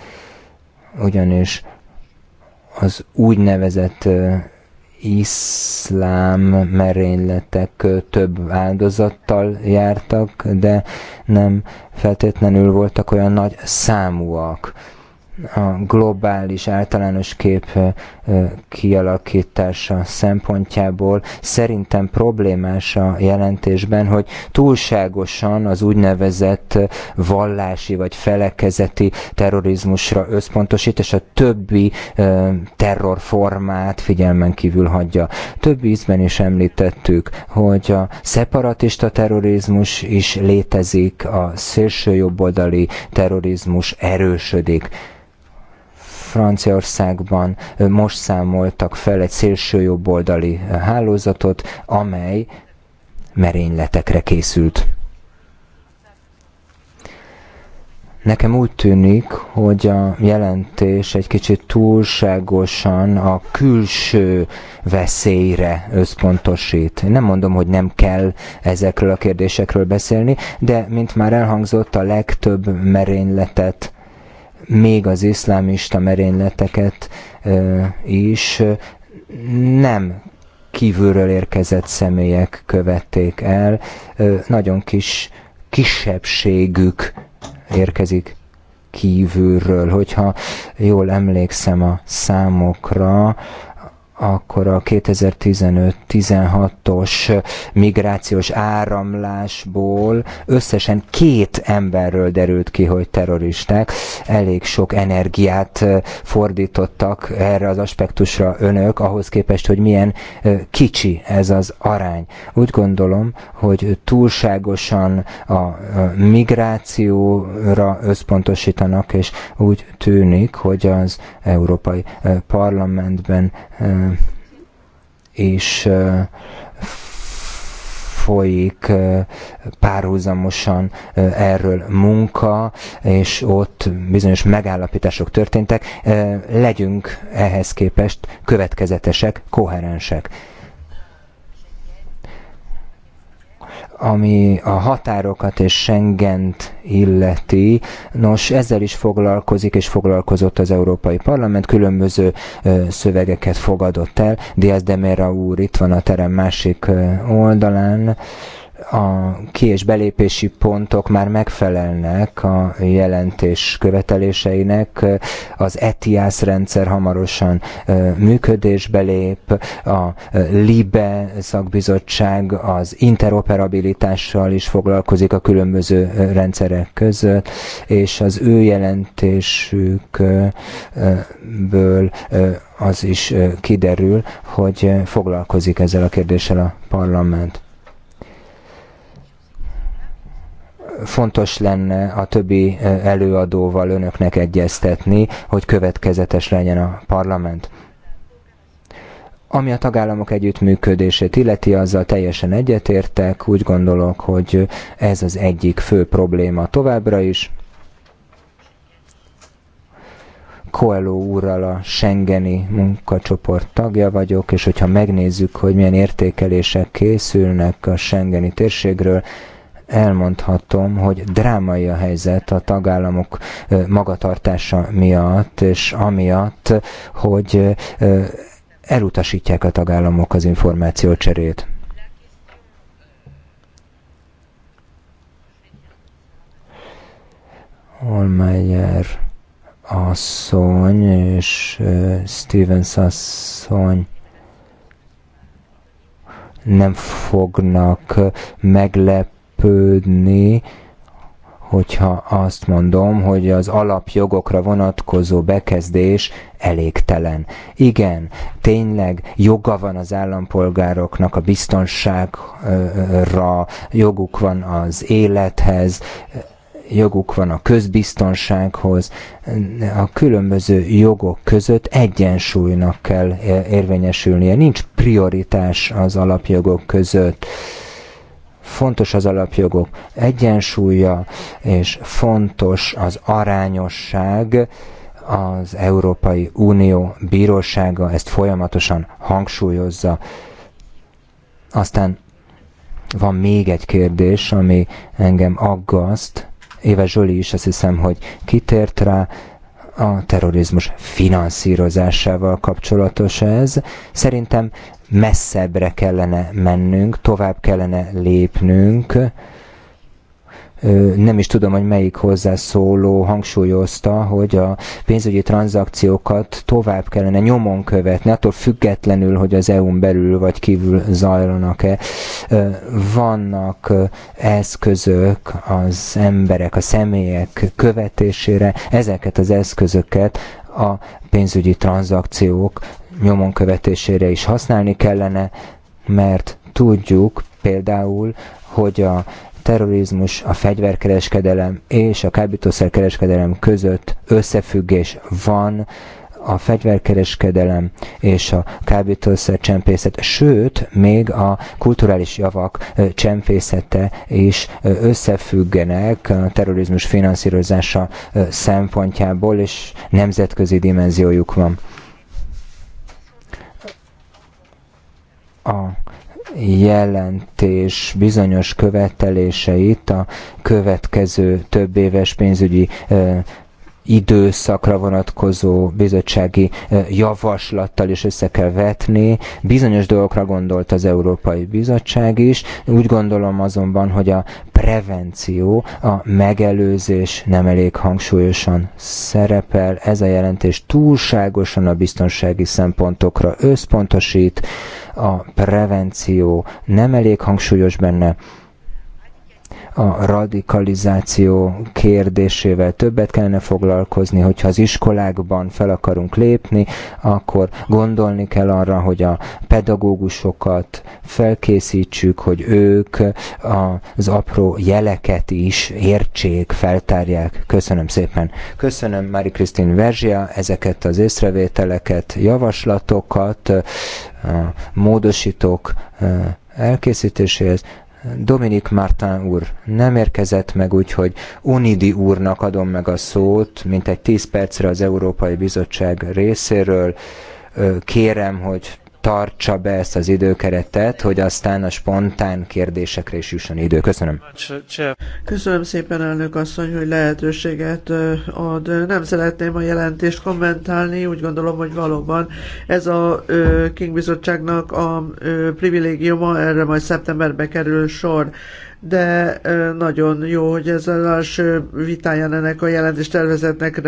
Speaker 2: ugyanis az úgynevezett iszlám merényletek több áldozattal jártak, de nem feltétlenül voltak olyan nagy számúak a globális általános kép kialakítása szempontjából szerintem problémás a jelentésben, hogy túlságosan az úgynevezett vallási vagy felekezeti terrorizmusra összpontosít, és a többi terrorformát figyelmen kívül hagyja. Több ízben is említettük, hogy a szeparatista terrorizmus is létezik, a szélsőjobboldali terrorizmus erősödik Franciaországban most számoltak fel egy jobboldali hálózatot, amely merényletekre készült. Nekem úgy tűnik, hogy a jelentés egy kicsit túlságosan a külső veszélyre összpontosít. Én nem mondom, hogy nem kell ezekről a kérdésekről beszélni, de mint már elhangzott, a legtöbb merényletet még az iszlámista merényleteket is nem kívülről érkezett személyek követték el, nagyon kis kisebbségük érkezik kívülről. Hogyha jól emlékszem a számokra, akkor a 2015-16-os migrációs áramlásból összesen két emberről derült ki, hogy terroristák. Elég sok energiát fordítottak erre az aspektusra önök, ahhoz képest, hogy milyen kicsi ez az arány. Úgy gondolom, hogy túlságosan a migrációra összpontosítanak, és úgy tűnik, hogy az Európai Parlamentben és folyik párhuzamosan erről munka, és ott bizonyos megállapítások történtek. Legyünk ehhez képest következetesek, koherensek. ami a határokat és Schengent illeti, nos ezzel is foglalkozik és foglalkozott az Európai Parlament, különböző szövegeket fogadott el. Diaz de Mera úr itt van a terem másik oldalán, a ki- és belépési pontok már megfelelnek a jelentés követeléseinek, az ETIAS rendszer hamarosan működésbe lép, a LIBE szakbizottság az interoperabilitással is foglalkozik a különböző rendszerek között, és az ő jelentésükből az is kiderül, hogy foglalkozik ezzel a kérdéssel a parlament. fontos lenne a többi előadóval önöknek egyeztetni, hogy következetes legyen a parlament. Ami a tagállamok együttműködését illeti, azzal teljesen egyetértek, úgy gondolok, hogy ez az egyik fő probléma továbbra is. Coelho úrral a Schengeni munkacsoport tagja vagyok, és hogyha megnézzük, hogy milyen értékelések készülnek a Schengeni térségről, elmondhatom, hogy drámai a helyzet a tagállamok magatartása miatt, és amiatt, hogy elutasítják a tagállamok az információcserét. Holmeyer asszony és Stevens asszony nem fognak meglep meglepődni, hogyha azt mondom, hogy az alapjogokra vonatkozó bekezdés elégtelen. Igen, tényleg joga van az állampolgároknak a biztonságra, joguk van az élethez, joguk van a közbiztonsághoz, a különböző jogok között egyensúlynak kell érvényesülnie. Nincs prioritás az alapjogok között fontos az alapjogok egyensúlya, és fontos az arányosság, az Európai Unió bírósága ezt folyamatosan hangsúlyozza. Aztán van még egy kérdés, ami engem aggaszt. Éve Zsoli is azt hiszem, hogy kitért rá, a terrorizmus finanszírozásával kapcsolatos ez. Szerintem messzebbre kellene mennünk, tovább kellene lépnünk, nem is tudom, hogy melyik hozzászóló hangsúlyozta, hogy a pénzügyi tranzakciókat tovább kellene nyomon követni, attól függetlenül, hogy az EU-n belül vagy kívül zajlanak-e. Vannak eszközök az emberek, a személyek követésére, ezeket az eszközöket a pénzügyi tranzakciók nyomon követésére is használni kellene, mert tudjuk például, hogy a terrorizmus, a fegyverkereskedelem és a kábítószerkereskedelem között összefüggés van, a fegyverkereskedelem és a kábítószer csempészet, sőt, még a kulturális javak csempészete is összefüggenek a terrorizmus finanszírozása szempontjából, és nemzetközi dimenziójuk van. A jelentés bizonyos követeléseit a következő több éves pénzügyi időszakra vonatkozó bizottsági eh, javaslattal is össze kell vetni. Bizonyos dolgokra gondolt az Európai Bizottság is. Úgy gondolom azonban, hogy a prevenció, a megelőzés nem elég hangsúlyosan szerepel. Ez a jelentés túlságosan a biztonsági szempontokra összpontosít. A prevenció nem elég hangsúlyos benne a radikalizáció kérdésével többet kellene foglalkozni, hogyha az iskolákban fel akarunk lépni, akkor gondolni kell arra, hogy a pedagógusokat felkészítsük, hogy ők az apró jeleket is értsék, feltárják. Köszönöm szépen. Köszönöm Mári Krisztin Verzsia ezeket az észrevételeket, javaslatokat, módosítók eh, elkészítéséhez. Dominik Martin úr nem érkezett meg, úgyhogy Unidi úrnak adom meg a szót, mint egy tíz percre az Európai Bizottság részéről. Kérem, hogy tartsa be ezt az időkeretet, hogy aztán a spontán kérdésekre is jusson idő. Köszönöm.
Speaker 3: Köszönöm szépen, elnök asszony, hogy lehetőséget ad. Nem szeretném a jelentést kommentálni, úgy gondolom, hogy valóban ez a King Bizottságnak a privilégiuma, erre majd szeptemberbe kerül sor de nagyon jó, hogy ez az vitáján ennek a jelentés tervezetnek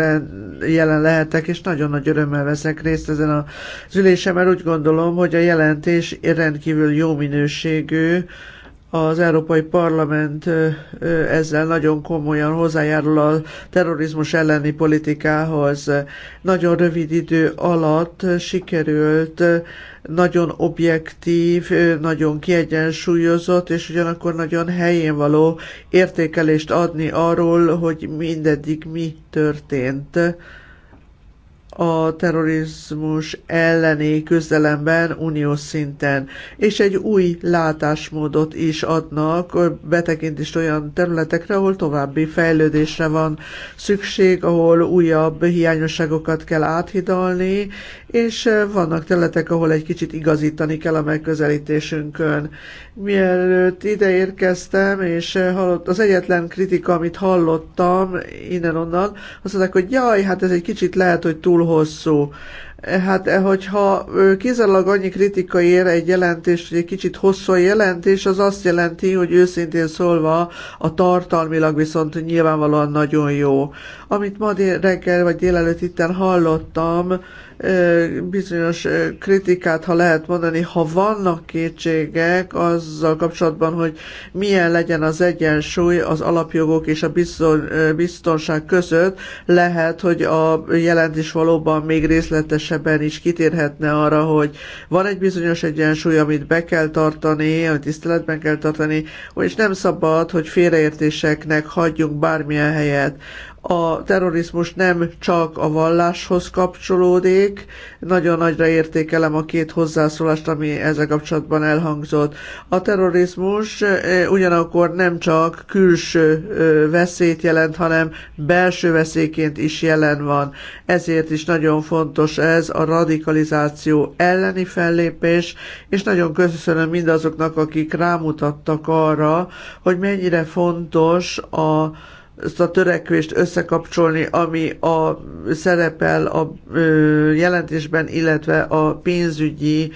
Speaker 3: jelen lehetek, és nagyon nagy örömmel veszek részt ezen a ülésen, mert úgy gondolom, hogy a jelentés rendkívül jó minőségű, az Európai Parlament ezzel nagyon komolyan hozzájárul a terrorizmus elleni politikához. Nagyon rövid idő alatt sikerült nagyon objektív, nagyon kiegyensúlyozott, és ugyanakkor nagyon helyén való értékelést adni arról, hogy mindeddig mi történt a terrorizmus elleni küzdelemben uniós szinten, és egy új látásmódot is adnak, betekintést olyan területekre, ahol további fejlődésre van szükség, ahol újabb hiányosságokat kell áthidalni, és vannak területek, ahol egy kicsit igazítani kell a megközelítésünkön. Mielőtt ide érkeztem, és hallott, az egyetlen kritika, amit hallottam innen-onnan, azt mondták, hogy jaj, hát ez egy kicsit lehet, hogy túl hosszú. Hát, eh, hogyha kizárólag annyi kritika ér egy jelentést, hogy egy kicsit hosszú a jelentés, az azt jelenti, hogy őszintén szólva a tartalmilag viszont nyilvánvalóan nagyon jó. Amit ma reggel vagy délelőtt itten hallottam, bizonyos kritikát, ha lehet mondani, ha vannak kétségek azzal kapcsolatban, hogy milyen legyen az egyensúly az alapjogok és a biztonság között, lehet, hogy a jelentés valóban még részletes részletesebben is kitérhetne arra, hogy van egy bizonyos egyensúly, amit be kell tartani, amit tiszteletben kell tartani, és nem szabad, hogy félreértéseknek hagyjunk bármilyen helyet a terrorizmus nem csak a valláshoz kapcsolódik. Nagyon nagyra értékelem a két hozzászólást, ami ezzel kapcsolatban elhangzott. A terrorizmus ugyanakkor nem csak külső veszélyt jelent, hanem belső veszélyként is jelen van. Ezért is nagyon fontos ez a radikalizáció elleni fellépés, és nagyon köszönöm mindazoknak, akik rámutattak arra, hogy mennyire fontos a ezt a törekvést összekapcsolni, ami a, szerepel a ö, jelentésben, illetve a pénzügyi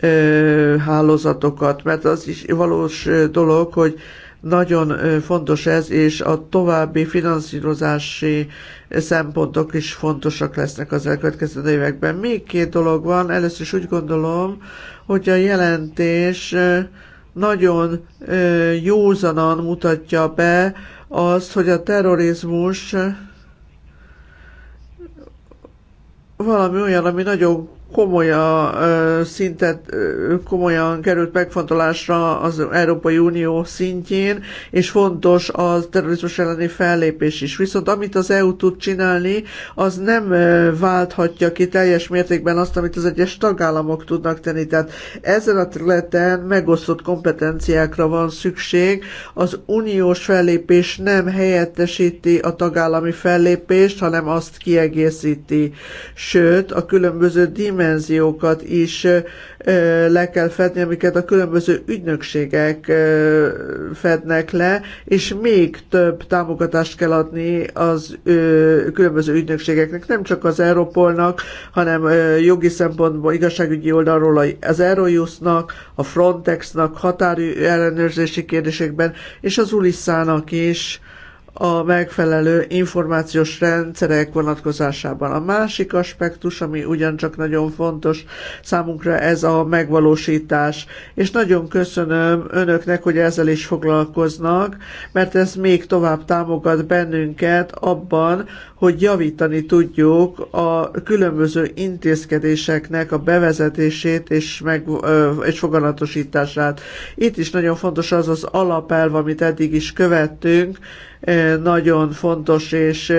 Speaker 3: ö, hálózatokat, mert az is valós dolog, hogy nagyon fontos ez, és a további finanszírozási szempontok is fontosak lesznek az elkövetkező években. Még két dolog van, először is úgy gondolom, hogy a jelentés nagyon józanan mutatja be, az, hogy a terrorizmus valami olyan, ami nagyon komolyan szintet, komolyan került megfontolásra az Európai Unió szintjén, és fontos a terrorizmus elleni fellépés is. Viszont amit az EU tud csinálni, az nem válthatja ki teljes mértékben azt, amit az egyes tagállamok tudnak tenni. Tehát ezen a területen megosztott kompetenciákra van szükség. Az uniós fellépés nem helyettesíti a tagállami fellépést, hanem azt kiegészíti. Sőt, a különböző dim dimenziókat is le kell fedni, amiket a különböző ügynökségek fednek le, és még több támogatást kell adni az különböző ügynökségeknek, nem csak az Europolnak, hanem jogi szempontból, igazságügyi oldalról az Eurojustnak, a Frontexnak, ellenőrzési kérdésekben, és az Ulisszának is, a megfelelő információs rendszerek vonatkozásában. A másik aspektus, ami ugyancsak nagyon fontos számunkra, ez a megvalósítás. És nagyon köszönöm önöknek, hogy ezzel is foglalkoznak, mert ez még tovább támogat bennünket abban, hogy javítani tudjuk a különböző intézkedéseknek a bevezetését és, meg, és foganatosítását. Itt is nagyon fontos az az alapelv, amit eddig is követtünk, nagyon fontos és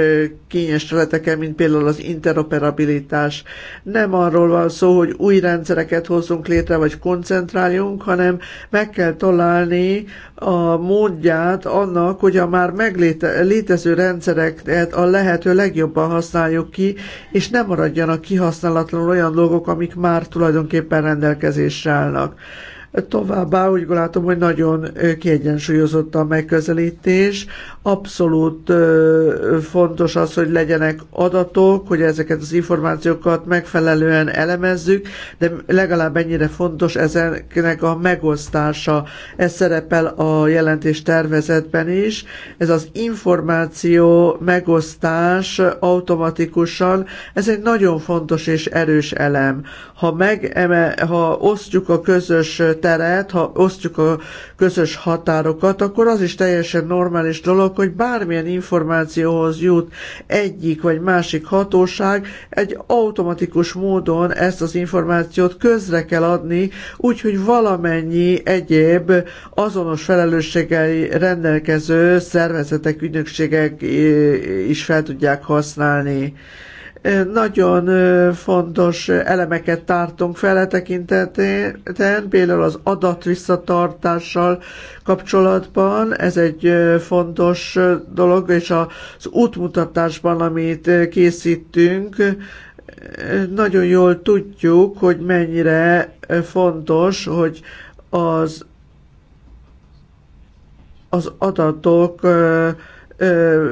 Speaker 3: kényes területeken, mint például az interoperabilitás. Nem arról van szó, hogy új rendszereket hozzunk létre, vagy koncentráljunk, hanem meg kell találni a módját annak, hogy a már meglétező létező rendszereket a lehető legjobban használjuk ki, és nem maradjanak kihasználatlanul olyan dolgok, amik már tulajdonképpen rendelkezésre állnak. Továbbá úgy látom, hogy nagyon kiegyensúlyozott a megközelítés. Abszolút fontos az, hogy legyenek adatok, hogy ezeket az információkat megfelelően elemezzük, de legalább ennyire fontos ezeknek a megosztása. Ez szerepel a jelentés tervezetben is. Ez az információ megosztás automatikusan, ez egy nagyon fontos és erős elem. Ha, megeme, ha osztjuk a közös tervezetet, teret, ha osztjuk a közös határokat, akkor az is teljesen normális dolog, hogy bármilyen információhoz jut egyik vagy másik hatóság, egy automatikus módon ezt az információt közre kell adni, úgyhogy valamennyi egyéb azonos felelősséggel rendelkező szervezetek, ügynökségek eh, is fel tudják használni. Nagyon fontos elemeket tártunk fel e tekintetén, például az adat visszatartással kapcsolatban, ez egy fontos dolog, és az útmutatásban, amit készítünk, nagyon jól tudjuk, hogy mennyire fontos, hogy az, az adatok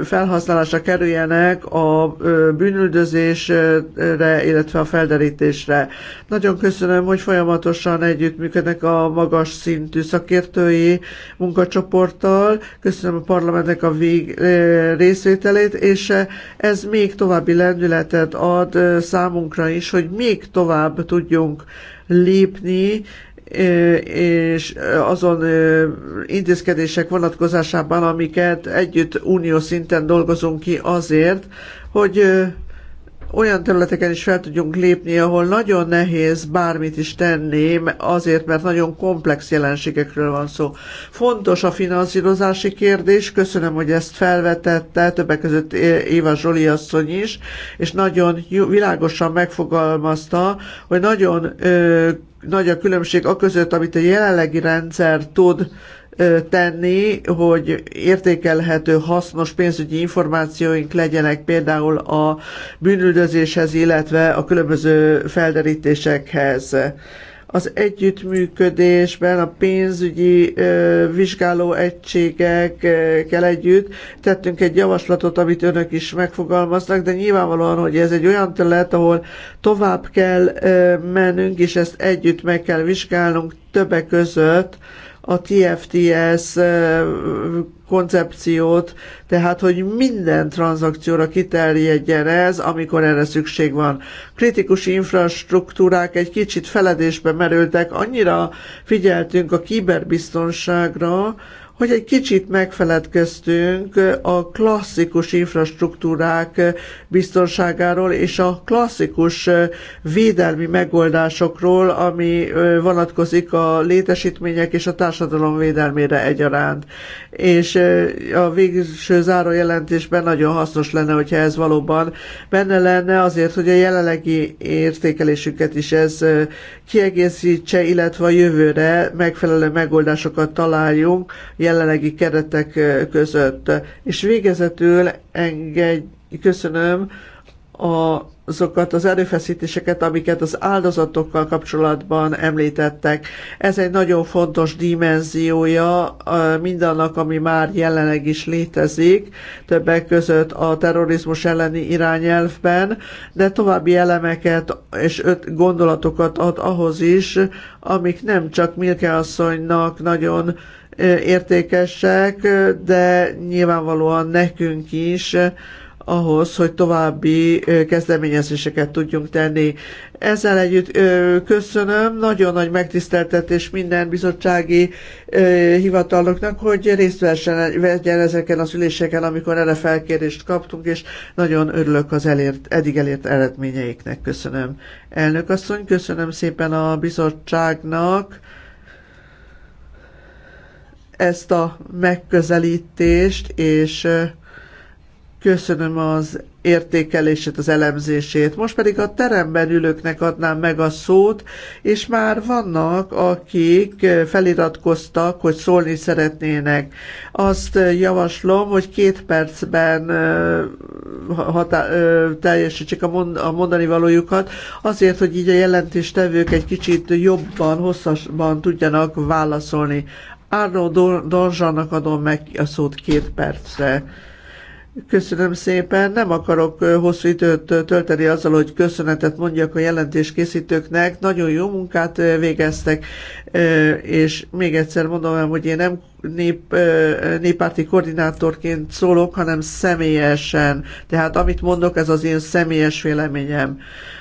Speaker 3: felhasználásra kerüljenek a bűnüldözésre, illetve a felderítésre. Nagyon köszönöm, hogy folyamatosan együttműködnek a magas szintű szakértői munkacsoporttal. Köszönöm a parlamentnek a vég részvételét, és ez még további lendületet ad számunkra is, hogy még tovább tudjunk lépni, és azon intézkedések vonatkozásában, amiket együtt unió szinten dolgozunk ki azért, hogy olyan területeken is fel tudjunk lépni, ahol nagyon nehéz bármit is tenni, azért, mert nagyon komplex jelenségekről van szó. Fontos a finanszírozási kérdés, köszönöm, hogy ezt felvetette, többek között Éva Zsoli asszony is, és nagyon világosan megfogalmazta, hogy nagyon nagy a különbség a között, amit a jelenlegi rendszer tud tenni, hogy értékelhető, hasznos pénzügyi információink legyenek például a bűnüldözéshez, illetve a különböző felderítésekhez az együttműködésben a pénzügyi vizsgáló egységekkel együtt tettünk egy javaslatot, amit önök is megfogalmaznak, de nyilvánvalóan, hogy ez egy olyan terület, ahol tovább kell mennünk, és ezt együtt meg kell vizsgálnunk többek között a TFTS koncepciót, tehát hogy minden tranzakcióra kiterjedjen ez, amikor erre szükség van. Kritikus infrastruktúrák egy kicsit feledésbe merültek, annyira figyeltünk a kiberbiztonságra, hogy egy kicsit megfeledkeztünk a klasszikus infrastruktúrák biztonságáról és a klasszikus védelmi megoldásokról, ami vonatkozik a létesítmények és a társadalom védelmére egyaránt. És a végső jelentésben nagyon hasznos lenne, hogyha ez valóban benne lenne azért, hogy a jelenlegi értékelésüket is ez kiegészítse, illetve a jövőre megfelelő megoldásokat találjunk jelenlegi keretek között. És végezetül engedj, köszönöm a azokat az erőfeszítéseket, amiket az áldozatokkal kapcsolatban említettek. Ez egy nagyon fontos dimenziója mindannak, ami már jelenleg is létezik, többek között a terrorizmus elleni irányelvben, de további elemeket és öt gondolatokat ad ahhoz is, amik nem csak Milke asszonynak nagyon értékesek, de nyilvánvalóan nekünk is ahhoz, hogy további kezdeményezéseket tudjunk tenni. Ezzel együtt köszönöm, nagyon nagy megtiszteltetés minden bizottsági hivataloknak, hogy részt vegyen ezeken az üléseken, amikor erre felkérést kaptunk, és nagyon örülök az elért, eddig elért eredményeiknek. Köszönöm. Elnök asszony, köszönöm szépen a bizottságnak ezt a megközelítést, és köszönöm az értékelését, az elemzését. Most pedig a teremben ülőknek adnám meg a szót, és már vannak, akik feliratkoztak, hogy szólni szeretnének. Azt javaslom, hogy két percben hatá- teljesítsék a, mond- a mondani valójukat, azért, hogy így a jelentéstevők egy kicsit jobban, hosszasban tudjanak válaszolni. Arno Dorzsannak adom meg a szót két percre. Köszönöm szépen. Nem akarok hosszú időt tölteni azzal, hogy köszönetet mondjak a jelentéskészítőknek. Nagyon jó munkát végeztek, és még egyszer mondom el, hogy én nem nép, néppárti koordinátorként szólok, hanem személyesen. Tehát amit mondok, ez az én személyes véleményem.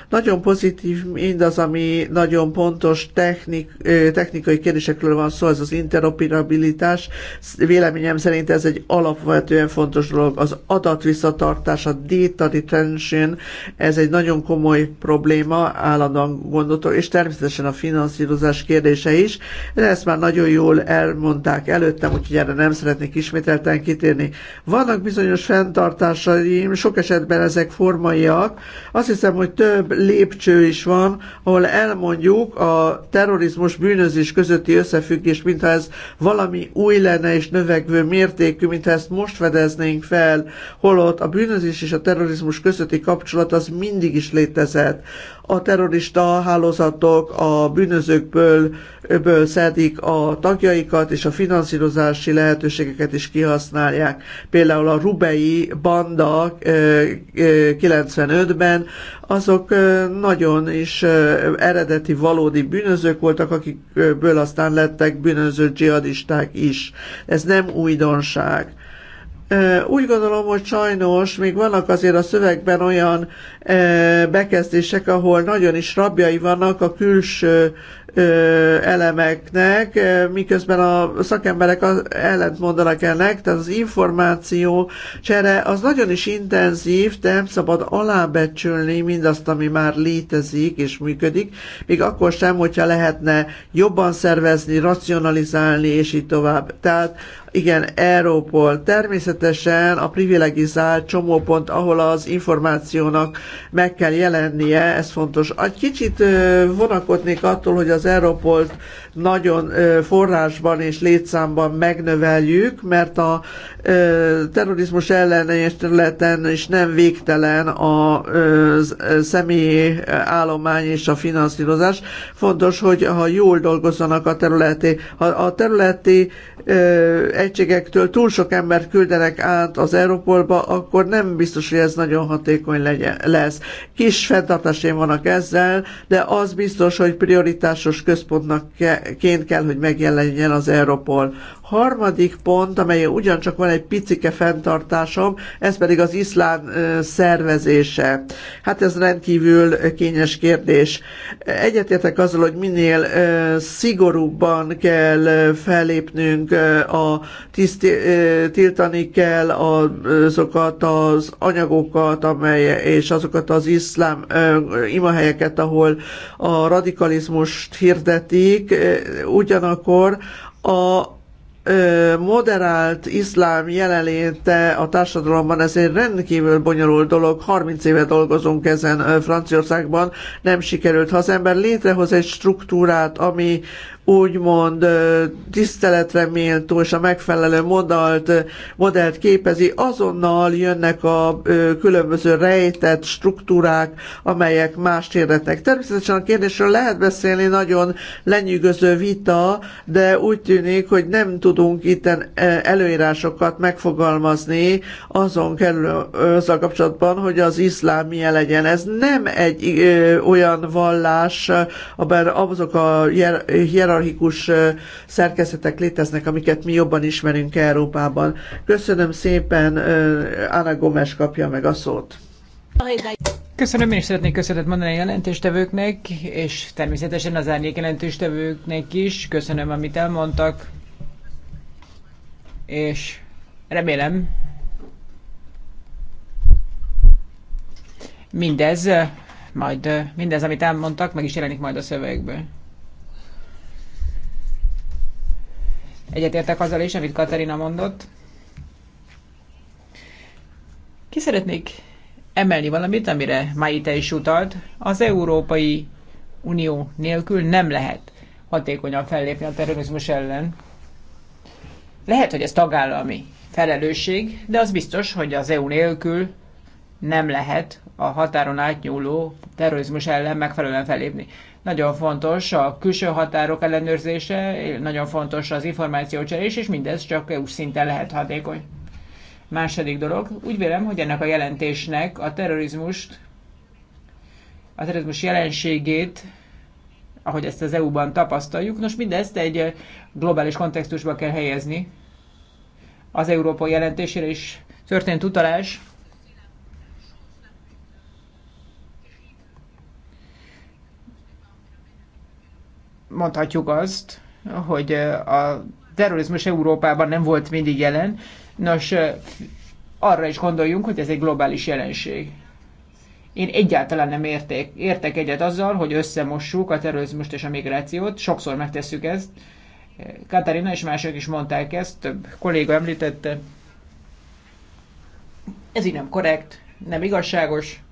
Speaker 3: Nagyon pozitív mindaz, ami nagyon pontos technik, technikai kérdésekről van szó, ez az interoperabilitás. Véleményem szerint ez egy alapvetően fontos dolog. Az adatvisszatartás, a data retention, ez egy nagyon komoly probléma, állandóan gondoltok, és természetesen a finanszírozás kérdése is, de ezt már nagyon jól elmondták előttem, úgyhogy erre nem szeretnék ismételten kitérni. Vannak bizonyos fenntartásaim, sok esetben ezek formaiak. Azt hiszem, hogy több lépcső is van, ahol elmondjuk a terrorizmus bűnözés közötti összefüggés, mintha ez valami új lenne és növekvő mértékű, mintha ezt most fedeznénk fel, holott a bűnözés és a terrorizmus közötti kapcsolat az mindig is létezett a terrorista hálózatok a bűnözőkből ből szedik a tagjaikat, és a finanszírozási lehetőségeket is kihasználják. Például a Rubei banda 95-ben azok nagyon is eredeti valódi bűnözők voltak, akikből aztán lettek bűnöző dzsihadisták is. Ez nem újdonság. Úgy gondolom, hogy sajnos még vannak azért a szövegben olyan bekezdések, ahol nagyon is rabjai vannak a külső elemeknek, miközben a szakemberek ellent mondanak ennek, tehát az információ csere az nagyon is intenzív, de nem szabad alábecsülni mindazt, ami már létezik és működik, még akkor sem, hogyha lehetne jobban szervezni, racionalizálni, és így tovább. Tehát igen, Európol. Természetesen a privilegizált csomópont, ahol az információnak meg kell jelennie, ez fontos. Egy kicsit vonakodnék attól, hogy az Európolt nagyon forrásban és létszámban megnöveljük, mert a terrorizmus ellenes területen is nem végtelen a személyi állomány és a finanszírozás. Fontos, hogy ha jól dolgozzanak a területi, ha a területi egységektől túl sok embert küldenek át az Európolba, akkor nem biztos, hogy ez nagyon hatékony legyen, lesz. Kis fenntartásaim vannak ezzel, de az biztos, hogy prioritásos központnak kell ként kell, hogy megjelenjen az Europol. Harmadik pont, amely ugyancsak van egy picike fenntartásom, ez pedig az iszlám szervezése. Hát ez rendkívül kényes kérdés. Egyetértek azzal, hogy minél szigorúbban kell fellépnünk, a tiszti, tiltani kell azokat az anyagokat, amely, és azokat az iszlám imahelyeket, ahol a radikalizmust hirdetik, ugyanakkor a moderált iszlám jelenléte a társadalomban, ez egy rendkívül bonyolult dolog. 30 éve dolgozunk ezen Franciaországban, nem sikerült. Ha az ember létrehoz egy struktúrát, ami úgymond tiszteletre méltó és a megfelelő modalt, modellt képezi, azonnal jönnek a különböző rejtett struktúrák, amelyek más érdetnek. Természetesen a kérdésről lehet beszélni, nagyon lenyűgöző vita, de úgy tűnik, hogy nem tudunk itt előírásokat megfogalmazni azon kerül a kapcsolatban, hogy az iszlám milyen legyen. Ez nem egy olyan vallás, abban azok a hier- hierarchikus szerkezetek léteznek, amiket mi jobban ismerünk Európában. Köszönöm szépen, Anna Gomes kapja meg a szót.
Speaker 4: Köszönöm, én is szeretnék köszönetet mondani a jelentéstevőknek, és természetesen az árnyék jelentéstevőknek is. Köszönöm, amit elmondtak, és remélem, mindez, majd mindez, amit elmondtak, meg is jelenik majd a szövegben. Egyetértek azzal is, amit Katarina mondott. Ki szeretnék emelni valamit, amire Maite is utalt. Az Európai Unió nélkül nem lehet hatékonyan fellépni a terrorizmus ellen. Lehet, hogy ez tagállami felelősség, de az biztos, hogy az EU nélkül nem lehet a határon átnyúló terrorizmus ellen megfelelően fellépni. Nagyon fontos a külső határok ellenőrzése, nagyon fontos az információcserés, és mindez csak EU szinten lehet hatékony. Második dolog, úgy vélem, hogy ennek a jelentésnek a terrorizmust, a terrorizmus jelenségét, ahogy ezt az EU-ban tapasztaljuk, nos mindezt egy globális kontextusba kell helyezni. Az Európa jelentésére is történt utalás, mondhatjuk azt, hogy a terrorizmus Európában nem volt mindig jelen. Nos, arra is gondoljunk, hogy ez egy globális jelenség. Én egyáltalán nem értek, értek egyet azzal, hogy összemossuk a terrorizmust és a migrációt. Sokszor megtesszük ezt. Katarina és mások is mondták ezt, több kolléga említette. Ez így nem korrekt, nem igazságos.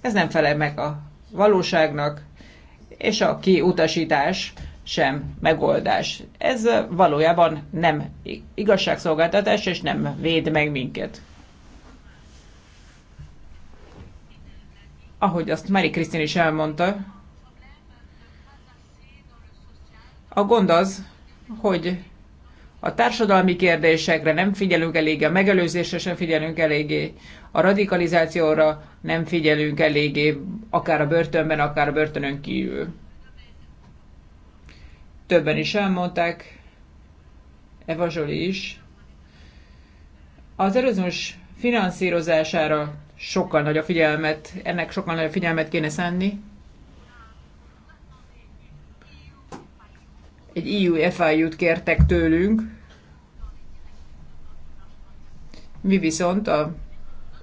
Speaker 4: Ez nem felel meg a valóságnak, és a kiutasítás sem megoldás. Ez valójában nem igazságszolgáltatás, és nem véd meg minket. Ahogy azt Mari Krisztin is elmondta, a gond az, hogy a társadalmi kérdésekre nem figyelünk eléggé, a megelőzésre sem figyelünk eléggé, a radikalizációra nem figyelünk eléggé, akár a börtönben, akár a börtönön kívül. Többen is elmondták, Eva Zsoli is. Az erőzmus finanszírozására sokkal nagyobb figyelmet, ennek sokkal nagyobb figyelmet kéne szánni. egy EU FIU-t kértek tőlünk, mi viszont a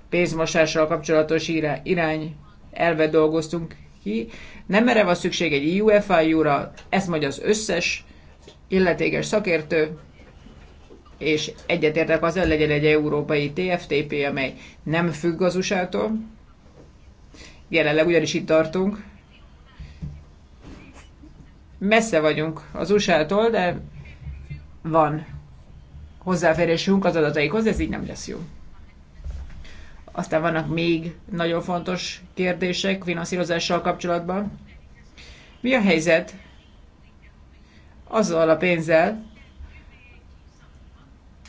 Speaker 4: pénzmosással kapcsolatos irány elve dolgoztunk ki. Nem erre van szükség egy EU FIU-ra, ezt mondja az összes illetékes szakértő, és egyetértek az, hogy legyen egy európai TFTP, amely nem függ az USA-tól. Jelenleg ugyanis itt tartunk, messze vagyunk az USA-tól, de van hozzáférésünk az adataikhoz, ez így nem lesz jó. Aztán vannak még nagyon fontos kérdések finanszírozással kapcsolatban. Mi a helyzet azzal a pénzzel,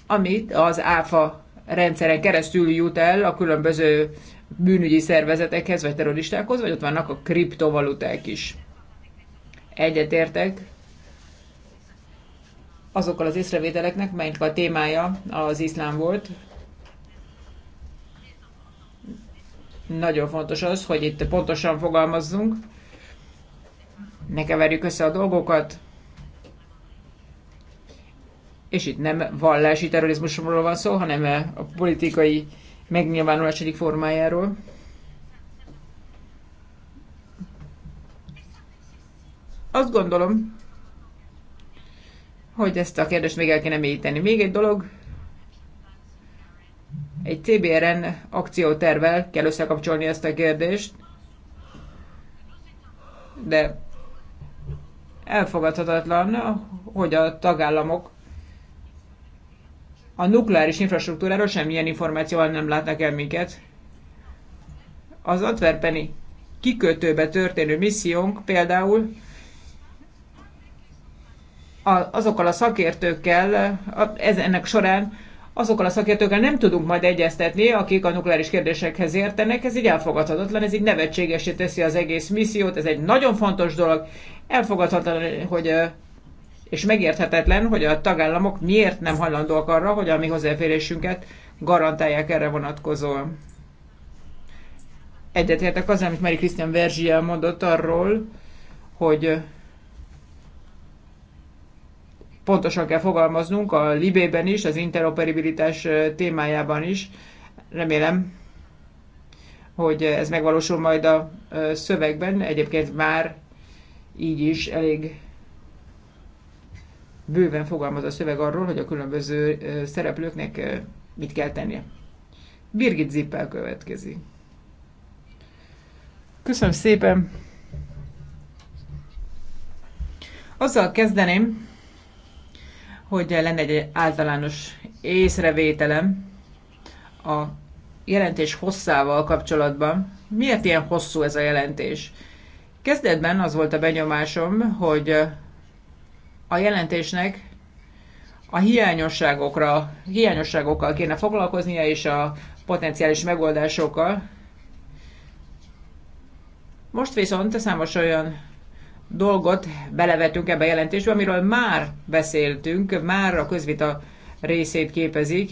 Speaker 4: amit az ÁFA rendszeren keresztül jut el a különböző bűnügyi szervezetekhez, vagy terroristákhoz, vagy ott vannak a kriptovaluták is egyetértek azokkal az észrevételeknek, melynek a témája az iszlám volt. Nagyon fontos az, hogy itt pontosan fogalmazzunk, ne keverjük össze a dolgokat, és itt nem vallási terrorizmusról van szó, hanem a politikai megnyilvánulás egyik formájáról. Azt gondolom, hogy ezt a kérdést még el kéne mélyíteni. Még egy dolog, egy CBRN akciótervel kell összekapcsolni ezt a kérdést, de elfogadhatatlan, hogy a tagállamok a nukleáris infrastruktúráról semmilyen információval nem látnak el minket. Az Antwerpeni kikötőbe történő missziónk például azokkal a szakértőkkel, ez ennek során azokkal a szakértőkkel nem tudunk majd egyeztetni, akik a nukleáris kérdésekhez értenek, ez így elfogadhatatlan, ez így nevetségesé teszi az egész missziót, ez egy nagyon fontos dolog, elfogadhatatlan, hogy és megérthetetlen, hogy a tagállamok miért nem hajlandóak arra, hogy a mi hozzáférésünket garantálják erre vonatkozóan. Egyetértek az, amit Mari Krisztián Verzsia mondott arról, hogy pontosan kell fogalmaznunk a libében is, az interoperabilitás témájában is. Remélem, hogy ez megvalósul majd a szövegben. Egyébként már így is elég bőven fogalmaz a szöveg arról, hogy a különböző szereplőknek mit kell tennie. Birgit Zippel következik. Köszönöm szépen! Azzal kezdeném, hogy lenne egy általános észrevételem a jelentés hosszával kapcsolatban. Miért ilyen hosszú ez a jelentés? Kezdetben az volt a benyomásom, hogy a jelentésnek a hiányosságokra, hiányosságokkal kéne foglalkoznia, és a potenciális megoldásokkal. Most viszont számos olyan dolgot belevetünk ebbe a jelentésbe, amiről már beszéltünk, már a közvita részét képezik.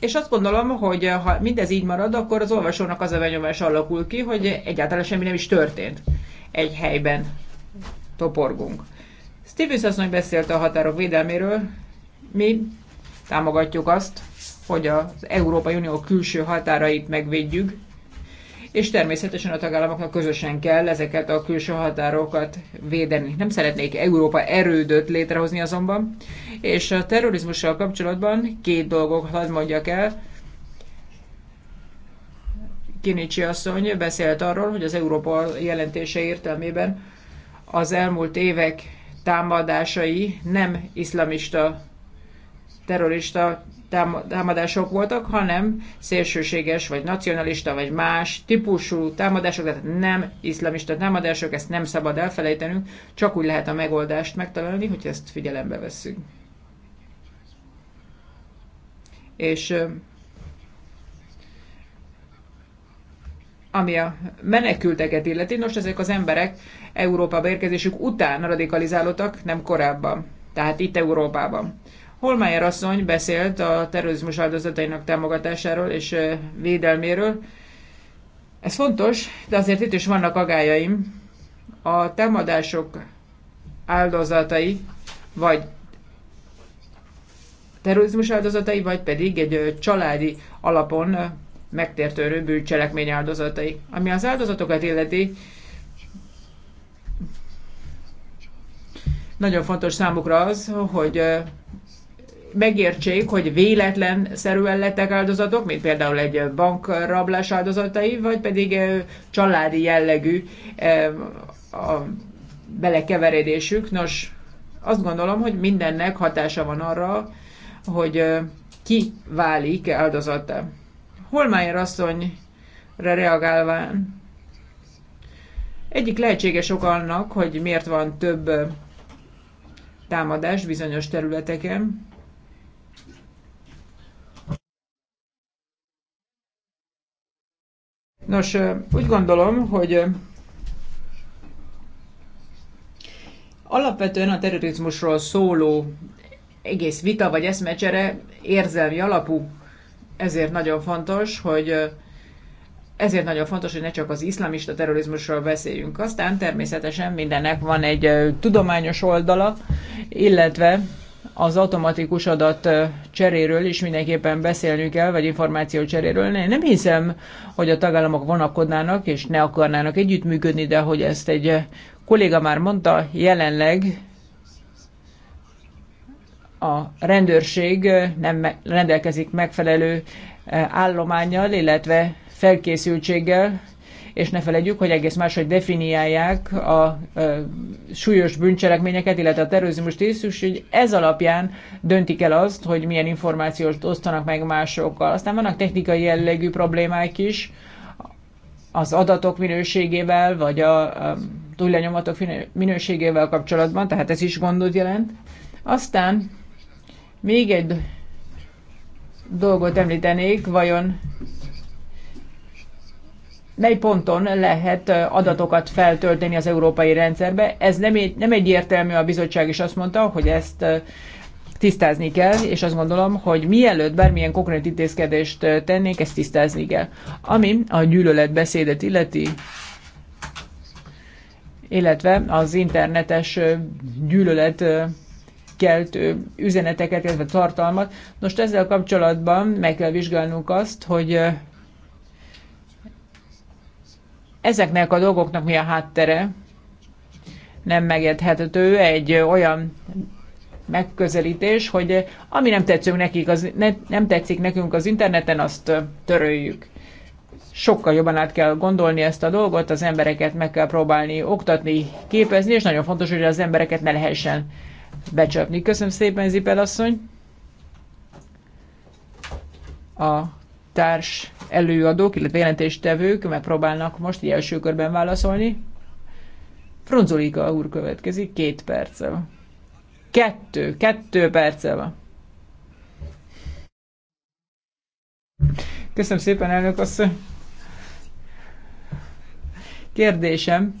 Speaker 4: És azt gondolom, hogy ha mindez így marad, akkor az olvasónak az a benyomás alakul ki, hogy egyáltalán semmi nem is történt. Egy helyben toporgunk. Stevens asszony beszélt a határok védelméről. Mi támogatjuk azt, hogy az Európai Unió külső határait megvédjük, és természetesen a tagállamoknak közösen kell ezeket a külső határokat védeni. Nem szeretnék Európa erődöt létrehozni azonban, és a terrorizmussal kapcsolatban két dolgok hadd mondjak el. Kinicsi asszony beszélt arról, hogy az Európa jelentése értelmében az elmúlt évek támadásai nem iszlamista terrorista támadások voltak, hanem szélsőséges, vagy nacionalista, vagy más típusú támadások, tehát nem iszlamista támadások, ezt nem szabad elfelejtenünk, csak úgy lehet a megoldást megtalálni, hogy ezt figyelembe vesszük. És ami a menekülteket illeti, most ezek az emberek Európába érkezésük után radikalizálódtak, nem korábban, tehát itt Európában Holmeyer asszony beszélt a terrorizmus áldozatainak támogatásáról és védelméről. Ez fontos, de azért itt is vannak agályaim. A támadások áldozatai, vagy terrorizmus áldozatai, vagy pedig egy családi alapon megtértőrő bűncselekmény áldozatai. Ami az áldozatokat illeti, nagyon fontos számukra az, hogy megértsék, hogy véletlen szerűen lettek áldozatok, mint például egy bankrablás áldozatai, vagy pedig családi jellegű a belekeveredésük. Nos, azt gondolom, hogy mindennek hatása van arra, hogy ki válik áldozata. Holmeyer asszonyra reagálván egyik lehetséges ok annak, hogy miért van több támadás bizonyos területeken, Nos, úgy gondolom, hogy alapvetően a terrorizmusról szóló egész vita vagy eszmecsere érzelmi alapú, ezért nagyon fontos, hogy ezért nagyon fontos, hogy ne csak az iszlamista terrorizmusról beszéljünk. Aztán természetesen mindennek van egy tudományos oldala, illetve az automatikus adat cseréről is mindenképpen beszélnünk kell, vagy információ cseréről. Én nem hiszem, hogy a tagállamok vonakodnának és ne akarnának együttműködni, de hogy ezt egy kolléga már mondta, jelenleg a rendőrség nem rendelkezik megfelelő állományjal, illetve felkészültséggel, és ne felejtjük, hogy egész máshogy definiálják a súlyos bűncselekményeket, illetve a terrorizmus is, hogy ez alapján döntik el azt, hogy milyen információt osztanak meg másokkal. Aztán vannak technikai jellegű problémák is, az adatok minőségével, vagy a, a túlnyomatok minőségével kapcsolatban, tehát ez is gondot jelent. Aztán még egy dolgot említenék, vajon mely ponton lehet adatokat feltölteni az európai rendszerbe. Ez nem, egy, nem egyértelmű, a bizottság is azt mondta, hogy ezt tisztázni kell, és azt gondolom, hogy mielőtt bármilyen konkrét intézkedést tennék, ezt tisztázni kell. Ami a gyűlöletbeszédet illeti, illetve az internetes gyűlölet keltő üzeneteket, illetve tartalmat. Most ezzel kapcsolatban meg kell vizsgálnunk azt, hogy Ezeknek a dolgoknak mi a háttere? Nem megérthető egy olyan megközelítés, hogy ami nem tetszik, nekik az, ne, nem tetszik nekünk az interneten, azt töröljük. Sokkal jobban át kell gondolni ezt a dolgot, az embereket meg kell próbálni oktatni, képezni, és nagyon fontos, hogy az embereket ne lehessen becsapni. Köszönöm szépen, Zipel asszony! A társ előadók, illetve jelentéstevők megpróbálnak most így első körben válaszolni. Fronzolika úr következik, két perce van. Kettő, kettő perce van. Köszönöm szépen, elnök asszony. Kérdésem,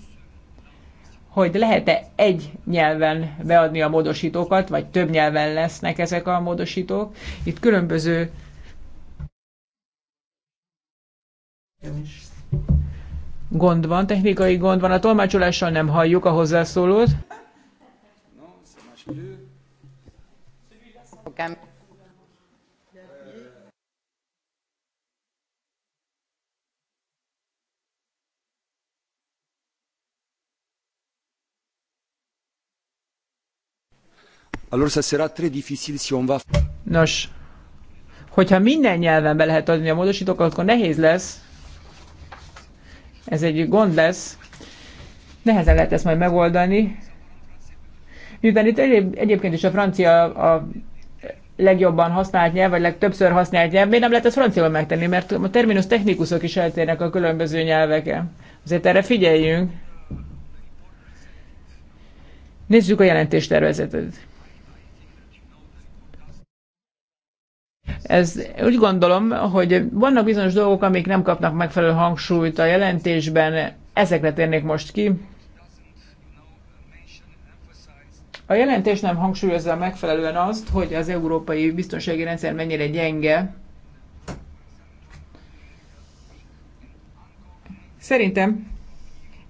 Speaker 4: hogy lehet-e egy nyelven beadni a módosítókat, vagy több nyelven lesznek ezek a módosítók. Itt különböző Gond van, technikai gond van. A tolmácsolással nem halljuk a hozzászólót.
Speaker 2: Alors ça sera très difficile si on va...
Speaker 4: Nos, hogyha minden nyelven be lehet adni a módosítókat, akkor nehéz lesz ez egy gond lesz. Nehezen lehet ezt majd megoldani. Miután itt egyébként is a francia a legjobban használt nyelv, vagy legtöbbször használt nyelv, miért nem lehet ezt franciául megtenni, mert a terminus technikusok is eltérnek a különböző nyelveken. Azért erre figyeljünk. Nézzük a jelentéstervezetet. Ez, úgy gondolom, hogy vannak bizonyos dolgok, amik nem kapnak megfelelő hangsúlyt a jelentésben, ezekre térnék most ki. A jelentés nem hangsúlyozza megfelelően azt, hogy az európai biztonsági rendszer mennyire gyenge. Szerintem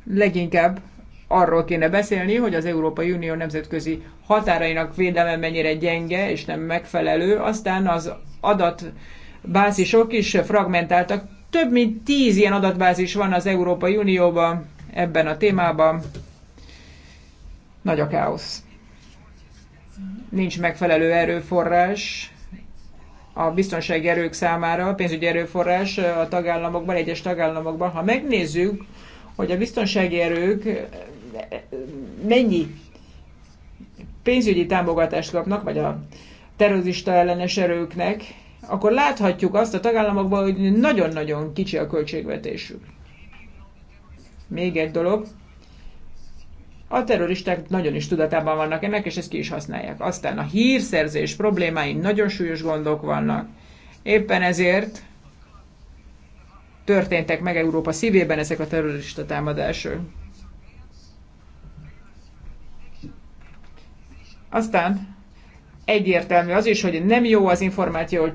Speaker 4: leginkább arról kéne beszélni, hogy az Európai Unió nemzetközi határainak védelme mennyire gyenge és nem megfelelő, aztán az adatbázisok is fragmentáltak. Több mint tíz ilyen adatbázis van az Európai Unióban ebben a témában. Nagy a káosz. Nincs megfelelő erőforrás a biztonsági erők számára, a pénzügyi erőforrás a tagállamokban, egyes tagállamokban. Ha megnézzük, hogy a biztonsági erők mennyi pénzügyi támogatást kapnak, vagy a terrorista ellenes erőknek, akkor láthatjuk azt a tagállamokban, hogy nagyon-nagyon kicsi a költségvetésük. Még egy dolog, a terroristák nagyon is tudatában vannak ennek, és ezt ki is használják. Aztán a hírszerzés problémái nagyon súlyos gondok vannak. Éppen ezért történtek meg Európa szívében ezek a terrorista támadások. Aztán egyértelmű az is, hogy nem jó az információ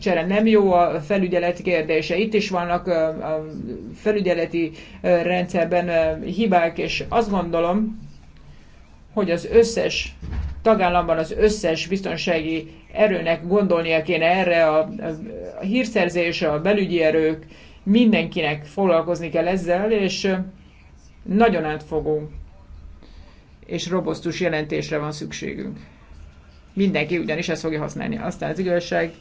Speaker 4: csere, nem jó a felügyelet kérdése. Itt is vannak a felügyeleti rendszerben hibák, és azt gondolom, hogy az összes tagállamban az összes biztonsági erőnek gondolnia kéne erre, a, a hírszerzés, a belügyi erők, mindenkinek foglalkozni kell ezzel, és nagyon átfogó és robosztus jelentésre van szükségünk. Mindenki ugyanis ezt fogja használni. Aztán az igazság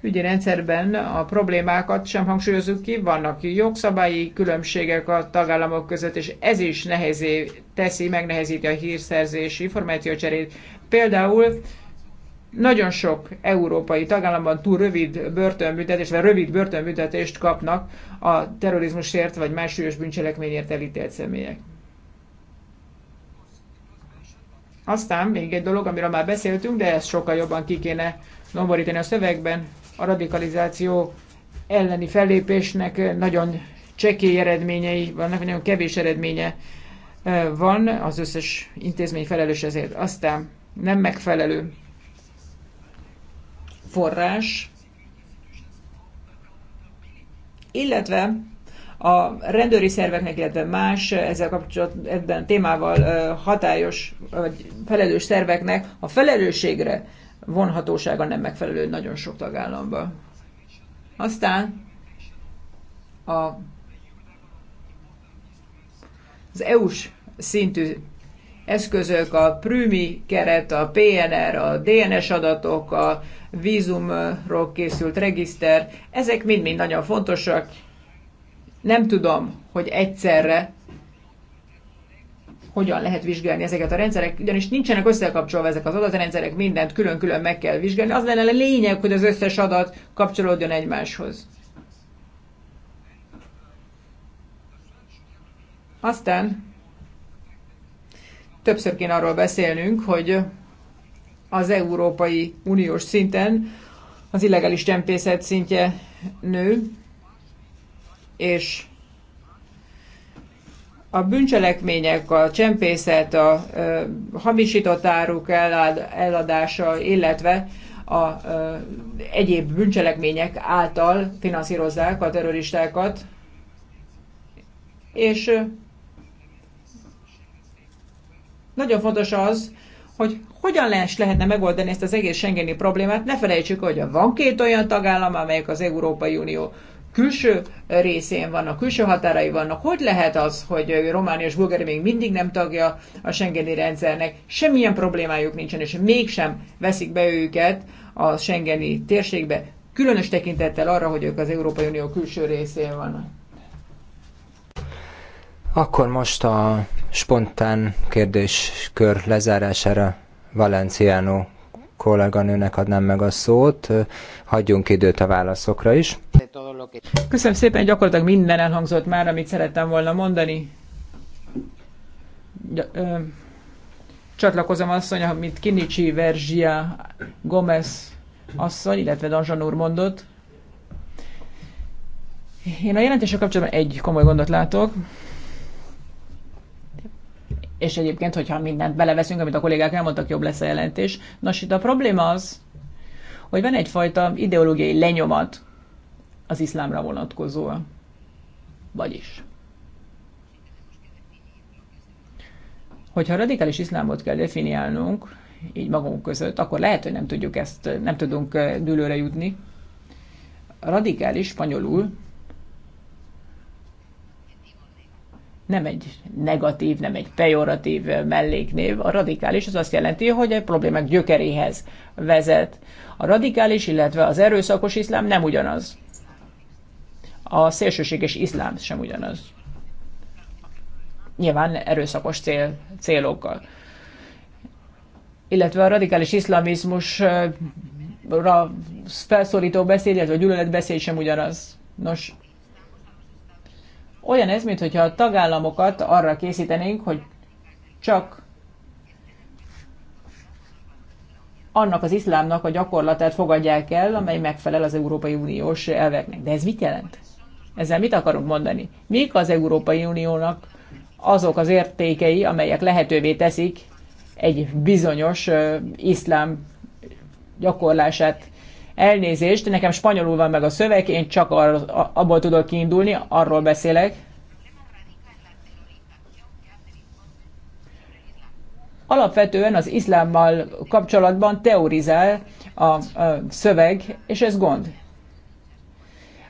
Speaker 4: ügyi rendszerben a problémákat sem hangsúlyozunk ki, vannak jogszabályi különbségek a tagállamok között, és ez is nehezé teszi, megnehezíti a hírszerzés, információcserét. Például nagyon sok európai tagállamban túl rövid börtönbüntetést, vagy rövid börtönbüntetést kapnak a terrorizmusért vagy más súlyos bűncselekményért elítélt személyek. Aztán még egy dolog, amiről már beszéltünk, de ezt sokkal jobban ki kéne nomborítani a szövegben, a radikalizáció elleni fellépésnek nagyon csekély eredményei vannak, nagyon kevés eredménye van, az összes intézmény felelős ezért. Aztán nem megfelelő forrás, illetve a rendőri szerveknek, illetve más eh, ezzel kapcsolatban ebben témával eh, hatályos vagy felelős szerveknek a felelősségre vonhatósága nem megfelelő nagyon sok tagállamban. Aztán a, az EU-s szintű eszközök, a prümi keret, a PNR, a DNS adatok, a vízumról készült regiszter, ezek mind-mind nagyon fontosak, nem tudom, hogy egyszerre hogyan lehet vizsgálni ezeket a rendszerek, ugyanis nincsenek összekapcsolva ezek az adatrendszerek, mindent külön-külön meg kell vizsgálni. Az lenne a lényeg, hogy az összes adat kapcsolódjon egymáshoz. Aztán többször kéne arról beszélnünk, hogy az Európai Uniós szinten az illegális csempészet szintje nő, és a bűncselekmények, a csempészet, a ö, hamisított áruk eladása, illetve a ö, egyéb bűncselekmények által finanszírozzák a terroristákat, és ö, nagyon fontos az, hogy hogyan lehetne megoldani ezt az egész Schengeni problémát. Ne felejtsük, hogy van két olyan tagállam, amelyek az Európai Unió külső részén vannak, külső határai vannak. Hogy lehet az, hogy Románia és Bulgária még mindig nem tagja a Schengeni rendszernek, semmilyen problémájuk nincsen, és mégsem veszik be őket a Schengeni térségbe, különös tekintettel arra, hogy ők az Európai Unió külső részén vannak.
Speaker 2: Akkor most a spontán kérdéskör lezárására Valenciano kolléganőnek adnám meg a szót. Hagyjunk időt a válaszokra is.
Speaker 4: Köszönöm szépen, gyakorlatilag minden elhangzott már, amit szerettem volna mondani. Csatlakozom asszony, amit Kinicsi, Verzsia, Gomez asszony, illetve Danzsan úr mondott. Én a jelentése kapcsolatban egy komoly gondot látok és egyébként, hogyha mindent beleveszünk, amit a kollégák elmondtak, jobb lesz a jelentés. Nos, itt a probléma az, hogy van egyfajta ideológiai lenyomat az iszlámra vonatkozóan. Vagyis. Hogyha radikális iszlámot kell definiálnunk, így magunk között, akkor lehet, hogy nem tudjuk ezt, nem tudunk dőlőre jutni. Radikális spanyolul nem egy negatív, nem egy pejoratív melléknév. A radikális az azt jelenti, hogy a problémák gyökeréhez vezet. A radikális, illetve az erőszakos iszlám nem ugyanaz. A szélsőséges iszlám sem ugyanaz. Nyilván erőszakos cél, célokkal. Illetve a radikális iszlamizmusra felszólító beszéd, illetve a gyűlöletbeszéd sem ugyanaz. Nos, olyan ez, mintha a tagállamokat arra készítenénk, hogy csak annak az iszlámnak a gyakorlatát fogadják el, amely megfelel az Európai Uniós elveknek. De ez mit jelent? Ezzel mit akarunk mondani? Mik az Európai Uniónak azok az értékei, amelyek lehetővé teszik egy bizonyos uh, iszlám gyakorlását Elnézést, nekem spanyolul van meg a szöveg, én csak ar- abból tudok kiindulni, arról beszélek. Alapvetően az iszlámmal kapcsolatban teorizál a, a szöveg, és ez gond.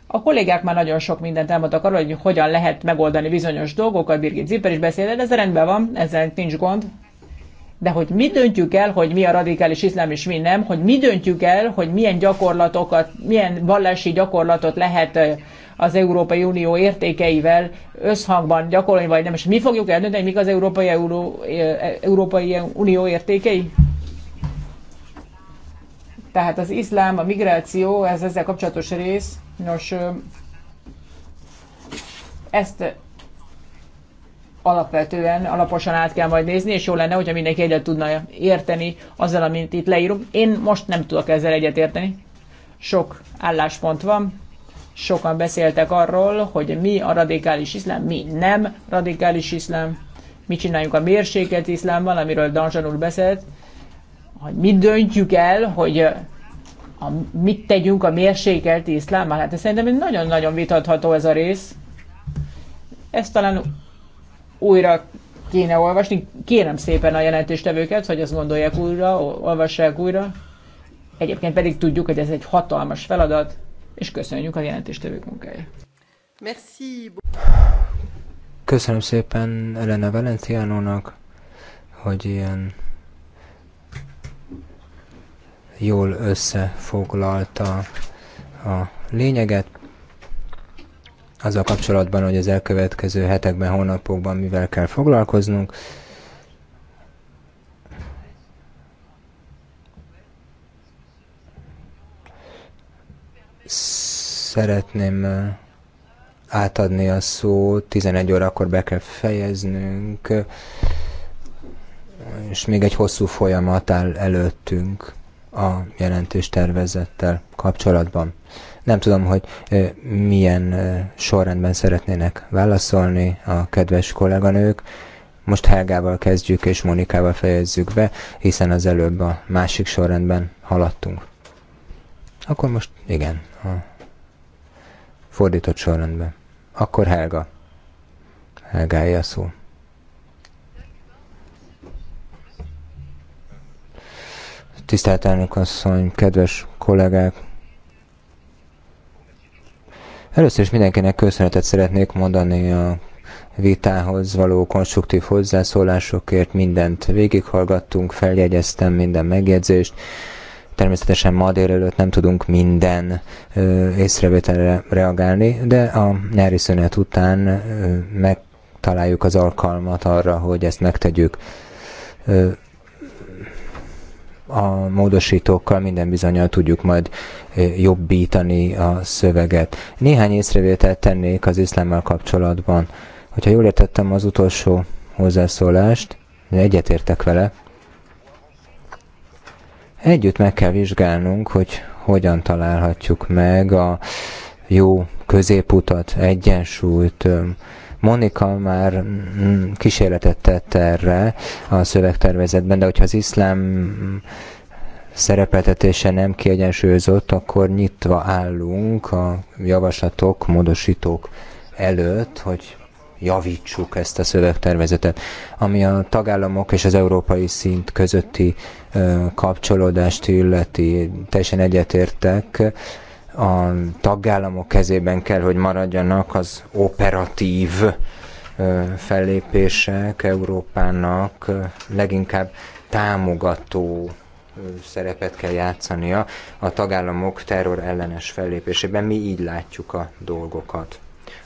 Speaker 4: A kollégák már nagyon sok mindent elmondtak arról, hogy hogyan lehet megoldani bizonyos dolgokat, Birgit Zipper is beszélt, de ez rendben van, ezzel nincs gond de hogy mi döntjük el, hogy mi a radikális iszlám és mi nem, hogy mi döntjük el, hogy milyen gyakorlatokat, milyen vallási gyakorlatot lehet az Európai Unió értékeivel összhangban gyakorolni, vagy nem, és mi fogjuk eldönteni, mik az Európai, Euró, Európai Unió értékei? Tehát az iszlám, a migráció, ez ezzel kapcsolatos rész. Nos, ezt alapvetően alaposan át kell majd nézni, és jó lenne, hogyha mindenki egyet tudna érteni azzal, amit itt leírunk. Én most nem tudok ezzel egyet érteni. Sok álláspont van, sokan beszéltek arról, hogy mi a radikális iszlám, mi nem radikális iszlám, mi csináljuk a mérséket iszlámban, amiről Danzsan úr beszélt, hogy mit döntjük el, hogy a, mit tegyünk a mérsékelt iszlámmal. Hát ez szerintem nagyon-nagyon vitatható ez a rész. Ez talán újra kéne olvasni. Kérem szépen a jelentéstevőket, hogy azt gondolják újra, olvassák újra. Egyébként pedig tudjuk, hogy ez egy hatalmas feladat, és köszönjük a jelentéstevők munkáját.
Speaker 1: Merci.
Speaker 2: Köszönöm szépen Elena Valenciánónak, hogy ilyen jól összefoglalta a lényeget azzal kapcsolatban, hogy az elkövetkező hetekben, hónapokban mivel kell foglalkoznunk. Szeretném eh, átadni a szót, 11 órakor be kell fejeznünk, és még egy hosszú folyamat áll előttünk a jelentés tervezettel kapcsolatban. Nem tudom, hogy milyen sorrendben szeretnének válaszolni a kedves kolléganők. Most Helgával kezdjük és Monikával fejezzük be, hiszen az előbb a másik sorrendben haladtunk. Akkor most igen, a fordított sorrendben. Akkor Helga. Helgája szó. Tisztelt elnök asszony, kedves kollégák, Először is mindenkinek köszönetet szeretnék mondani a vitához való konstruktív hozzászólásokért. Mindent végighallgattunk, feljegyeztem minden megjegyzést. Természetesen ma délelőtt nem tudunk minden ö, észrevételre reagálni, de a nyári szünet után ö, megtaláljuk az alkalmat arra, hogy ezt megtegyük. Ö, a módosítókkal minden bizonyal tudjuk majd eh, jobbítani a szöveget. Néhány észrevételt tennék az iszlámmal kapcsolatban. Hogyha jól értettem az utolsó hozzászólást, de egyetértek vele, együtt meg kell vizsgálnunk, hogy hogyan találhatjuk meg a jó középutat, egyensúlyt, Monika már mm, kísérletet tett erre a szövegtervezetben, de hogyha az iszlám szerepeltetése nem kiegyensúlyozott, akkor nyitva állunk a javaslatok, módosítók előtt, hogy javítsuk ezt a szövegtervezetet. Ami a tagállamok és az európai szint közötti kapcsolódást illeti, teljesen egyetértek, a tagállamok kezében kell, hogy maradjanak az operatív fellépések Európának leginkább támogató szerepet kell játszania a tagállamok terror ellenes fellépésében. Mi így látjuk a dolgokat.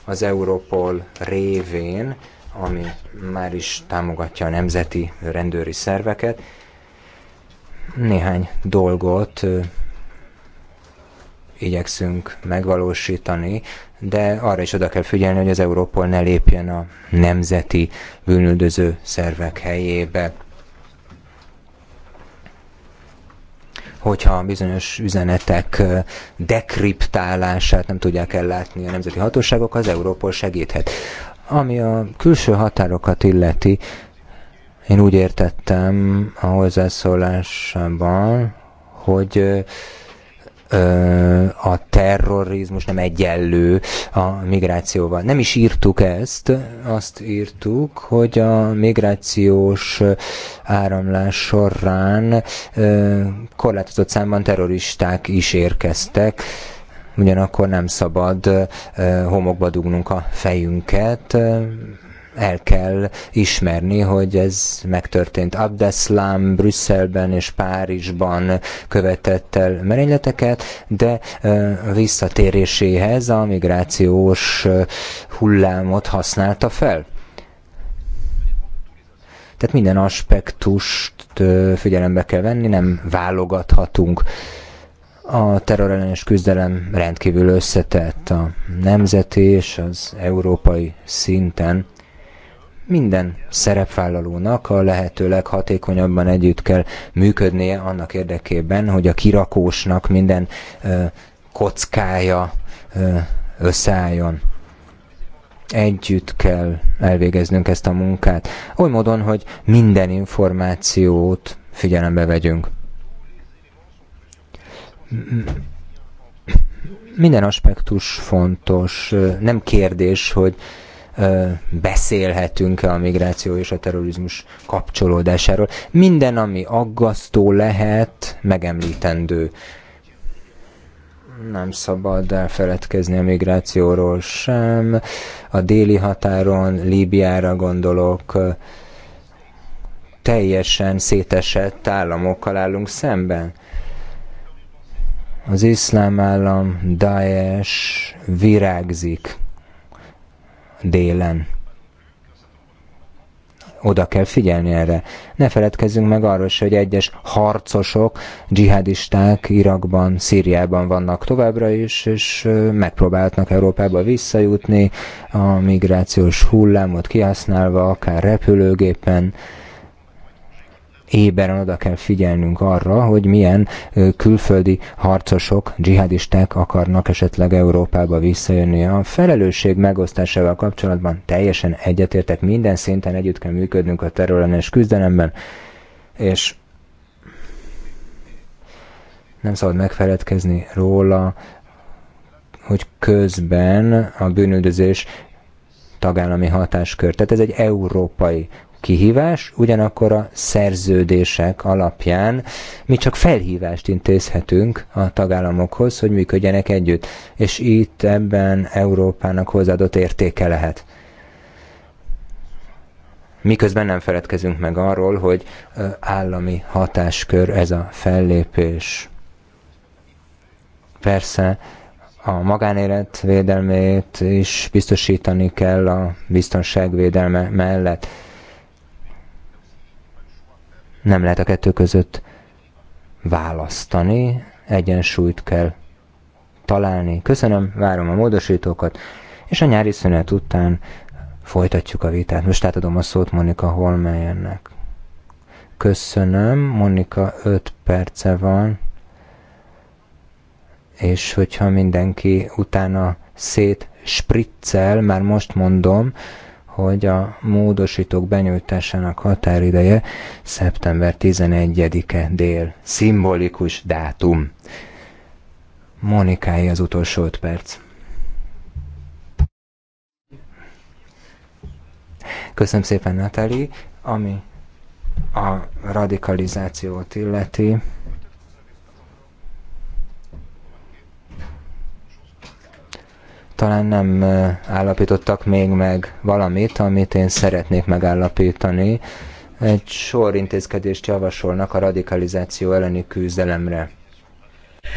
Speaker 2: Az Europol révén, ami már is támogatja a nemzeti rendőri szerveket, néhány dolgot igyekszünk megvalósítani, de arra is oda kell figyelni, hogy az Európol ne lépjen a nemzeti bűnüldöző szervek helyébe. hogyha bizonyos üzenetek dekriptálását nem tudják ellátni a nemzeti hatóságok, az Európol segíthet. Ami a külső határokat illeti, én úgy értettem a hozzászólásában, hogy a terrorizmus nem egyenlő a migrációval. Nem is írtuk ezt, azt írtuk, hogy a migrációs áramlás során korlátozott számban terroristák is érkeztek, ugyanakkor nem szabad homokba dugnunk a fejünket, el kell ismerni, hogy ez megtörtént. Abdeslam Brüsszelben és Párizsban követett el merényleteket, de visszatéréséhez a migrációs hullámot használta fel. Tehát minden aspektust figyelembe kell venni, nem válogathatunk a terrorellenes küzdelem rendkívül összetett a nemzeti és az európai szinten minden szerepvállalónak a lehető leghatékonyabban együtt kell működnie annak érdekében, hogy a kirakósnak minden ö, kockája ö, összeálljon. Együtt kell elvégeznünk ezt a munkát, oly módon, hogy minden információt figyelembe vegyünk. Minden aspektus fontos, nem kérdés, hogy beszélhetünk a migráció és a terrorizmus kapcsolódásáról. Minden, ami aggasztó lehet, megemlítendő. Nem szabad elfeledkezni a migrációról sem. A déli határon, Líbiára gondolok, teljesen szétesett államokkal állunk szemben az iszlám állam, Daesh virágzik délen. Oda kell figyelni erre. Ne feledkezzünk meg arról se, hogy egyes harcosok, dzsihadisták Irakban, Szíriában vannak továbbra is, és megpróbálnak Európába visszajutni a migrációs hullámot kihasználva, akár repülőgépen, éberen oda kell figyelnünk arra, hogy milyen külföldi harcosok, dzsihadisták akarnak esetleg Európába visszajönni. A felelősség megosztásával kapcsolatban teljesen egyetértek, minden szinten együtt kell működnünk a terrorellenes küzdelemben, és nem szabad megfeledkezni róla, hogy közben a bűnüldözés tagállami hatáskör. Tehát ez egy európai kihívás, ugyanakkor a szerződések alapján mi csak felhívást intézhetünk a tagállamokhoz, hogy működjenek együtt, és itt ebben Európának hozzáadott értéke lehet. Miközben nem feledkezünk meg arról, hogy állami hatáskör ez a fellépés. Persze, a magánélet védelmét is biztosítani kell a biztonságvédelme mellett. Nem lehet a kettő között választani, egyensúlyt kell találni. Köszönöm, várom a módosítókat, és a nyári szünet után folytatjuk a vitát. Most átadom a szót Monika Holmeyennek. Köszönöm, Monika 5 perce van, és hogyha mindenki utána szét spriccel, már most mondom, hogy a módosítók benyújtásának határideje szeptember 11-e dél. Szimbolikus dátum. Monikái az utolsó 5 perc. Köszönöm szépen, Natali. Ami a radikalizációt illeti, talán nem állapítottak még meg valamit, amit én szeretnék megállapítani. Egy sor intézkedést javasolnak a radikalizáció elleni küzdelemre.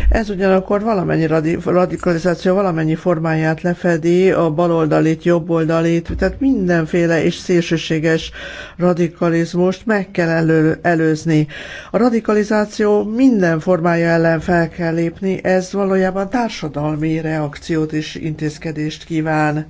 Speaker 3: Ez ugyanakkor valamennyi radikalizáció valamennyi formáját lefedi, a baloldalit, jobboldalit, tehát mindenféle és szélsőséges radikalizmust meg kell elő, előzni. A radikalizáció minden formája ellen fel kell lépni, ez valójában társadalmi reakciót és intézkedést kíván.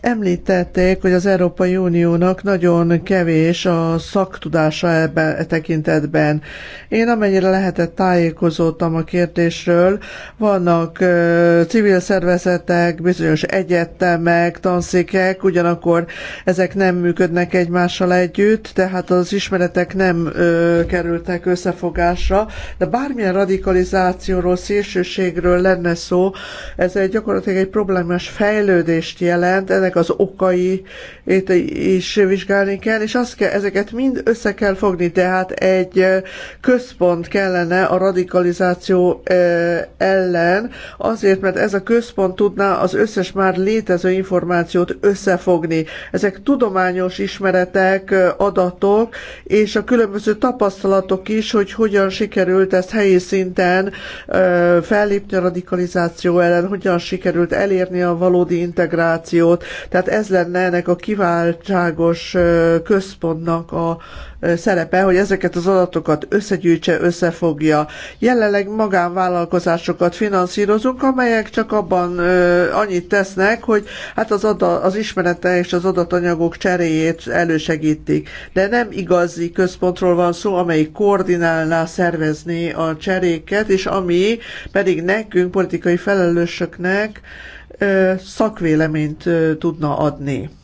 Speaker 3: Említették, hogy az Európai Uniónak nagyon kevés a szaktudása ebben e tekintetben. Én amennyire lehetett tájékozódtam a kérdésről, vannak ö, civil szervezetek, bizonyos egyetemek, tanszékek, ugyanakkor ezek nem működnek egymással együtt, tehát az ismeretek nem ö, kerültek összefogásra, de bármilyen radikalizációról, szélsőségről lenne szó, ez egy gyakorlatilag egy problémás fejlődést jelent, ennek ennek az okai is vizsgálni kell, és azt kell, ezeket mind össze kell fogni, tehát egy központ kellene a radikalizáció ellen, azért, mert ez a központ tudná az összes már létező információt összefogni. Ezek tudományos ismeretek, adatok, és a különböző tapasztalatok is, hogy hogyan sikerült ezt helyi szinten fellépni a radikalizáció ellen, hogyan sikerült elérni a valódi integrációt. Tehát ez lenne ennek a kiváltságos központnak a szerepe, hogy ezeket az adatokat összegyűjtse, összefogja. Jelenleg magánvállalkozásokat finanszírozunk, amelyek csak abban annyit tesznek, hogy hát az, ada, az ismerete és az adatanyagok cseréjét elősegítik. De nem igazi központról van szó, amelyik koordinálná, szervezné a cseréket, és ami pedig nekünk, politikai felelősöknek, szakvéleményt tudna adni.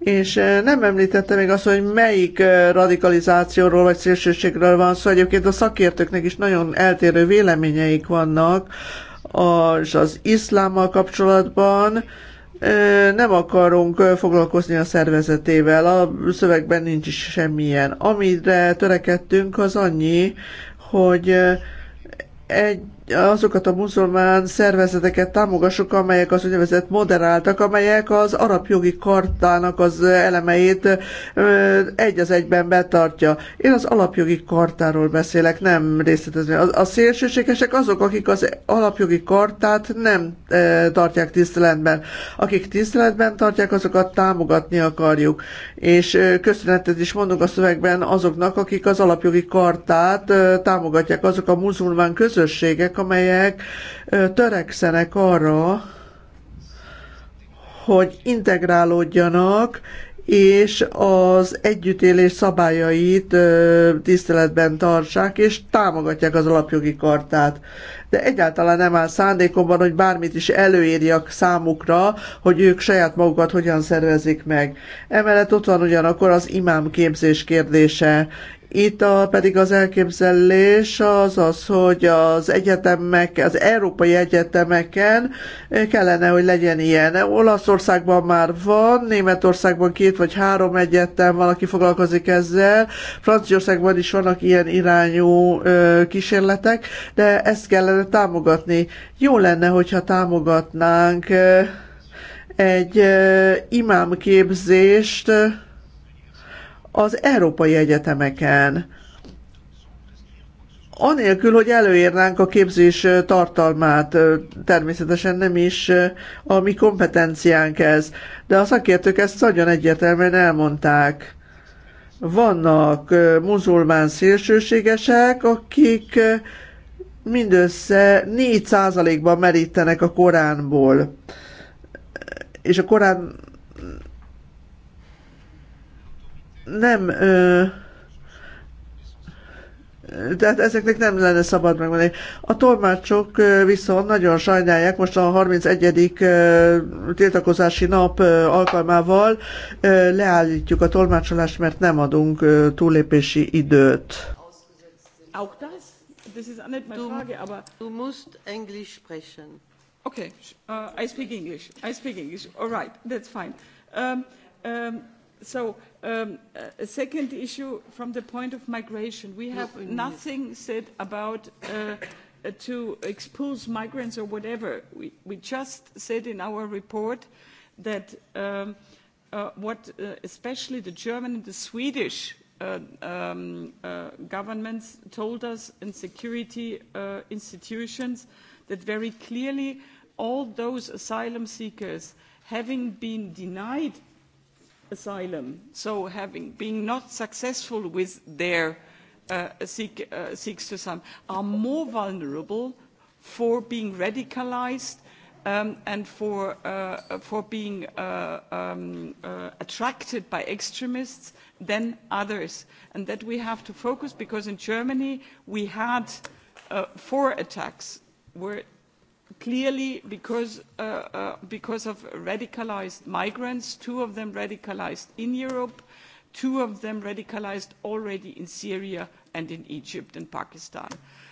Speaker 3: és nem említette még azt, hogy melyik radikalizációról vagy szélsőségről van szó. Egyébként a szakértőknek is nagyon eltérő véleményeik vannak az, az iszlámmal kapcsolatban, nem akarunk foglalkozni a szervezetével, a szövegben nincs is semmilyen. Amire törekedtünk, az annyi, hogy egy azokat a muzulmán szervezeteket támogassuk, amelyek az úgynevezett moderáltak, amelyek az arab jogi kartának az elemeit egy az egyben betartja. Én az alapjogi kartáról beszélek, nem részletezve. A, a szélsőségesek azok, akik az alapjogi kartát nem e, tartják tiszteletben. Akik tiszteletben tartják, azokat támogatni akarjuk. És e, köszönetet is mondunk a szövegben azoknak, akik az alapjogi kartát e, támogatják, azok a muzulmán közösségek, amelyek törekszenek arra, hogy integrálódjanak, és az együttélés szabályait ö, tiszteletben tartsák, és támogatják az alapjogi kartát. De egyáltalán nem áll szándékomban, hogy bármit is előírjak számukra, hogy ők saját magukat hogyan szervezik meg. Emellett ott van ugyanakkor az imám képzés kérdése. Itt a, pedig az elképzelés az az, hogy az egyetemek, az európai egyetemeken kellene, hogy legyen ilyen. Olaszországban már van, Németországban két vagy három egyetem valaki foglalkozik ezzel, Franciaországban is vannak ilyen irányú ö, kísérletek, de ezt kellene támogatni. Jó lenne, hogyha támogatnánk ö, egy ö, imámképzést, Ö, az európai egyetemeken anélkül, hogy előírnánk a képzés tartalmát, természetesen nem is a mi kompetenciánk ez, de a szakértők ezt nagyon egyértelműen elmondták. Vannak muzulmán szélsőségesek, akik mindössze 4%-ban merítenek a Koránból. És a Korán nem ö, tehát ezeknek nem lenne szabad megmondani. A tolmácsok viszont nagyon sajnálják, most a 31. tiltakozási nap alkalmával leállítjuk a tolmácsolást, mert nem adunk túlépési időt.
Speaker 5: Auch das? Das ist nicht meine Frage, aber... Du musst Englisch sprechen. Okay, uh, I speak English. I speak English. All right, that's fine. Um, um, so... Um, a second issue from the point of migration. We have no, nothing said about uh, uh, to expose migrants or whatever. We, we just said in our report that um, uh, what uh, especially the German and the Swedish uh, um, uh, governments told us in security uh, institutions that very clearly all those asylum seekers having been denied asylum. So having been not successful with their uh, seek, uh, seeks to some are more vulnerable for being radicalized um, and for, uh, for being uh, um, uh, attracted by extremists than others. And that we have to focus because in Germany we had uh, four attacks were clearly because, uh, uh, because of radicalized migrants, two of them radicalized in Europe, two of them radicalized already in Syria and in Egypt and Pakistan.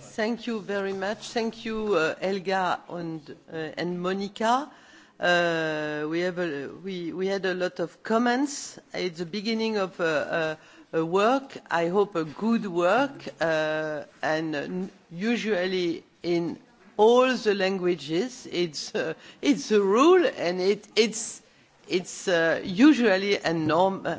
Speaker 5: Thank you very much. Thank you, uh, Helga and,
Speaker 1: uh, Monica. Uh, we, had a lot of comments. It's the beginning of a, work, I hope a good work, and usually in all the languages. It's, a rule and it's, usually a normal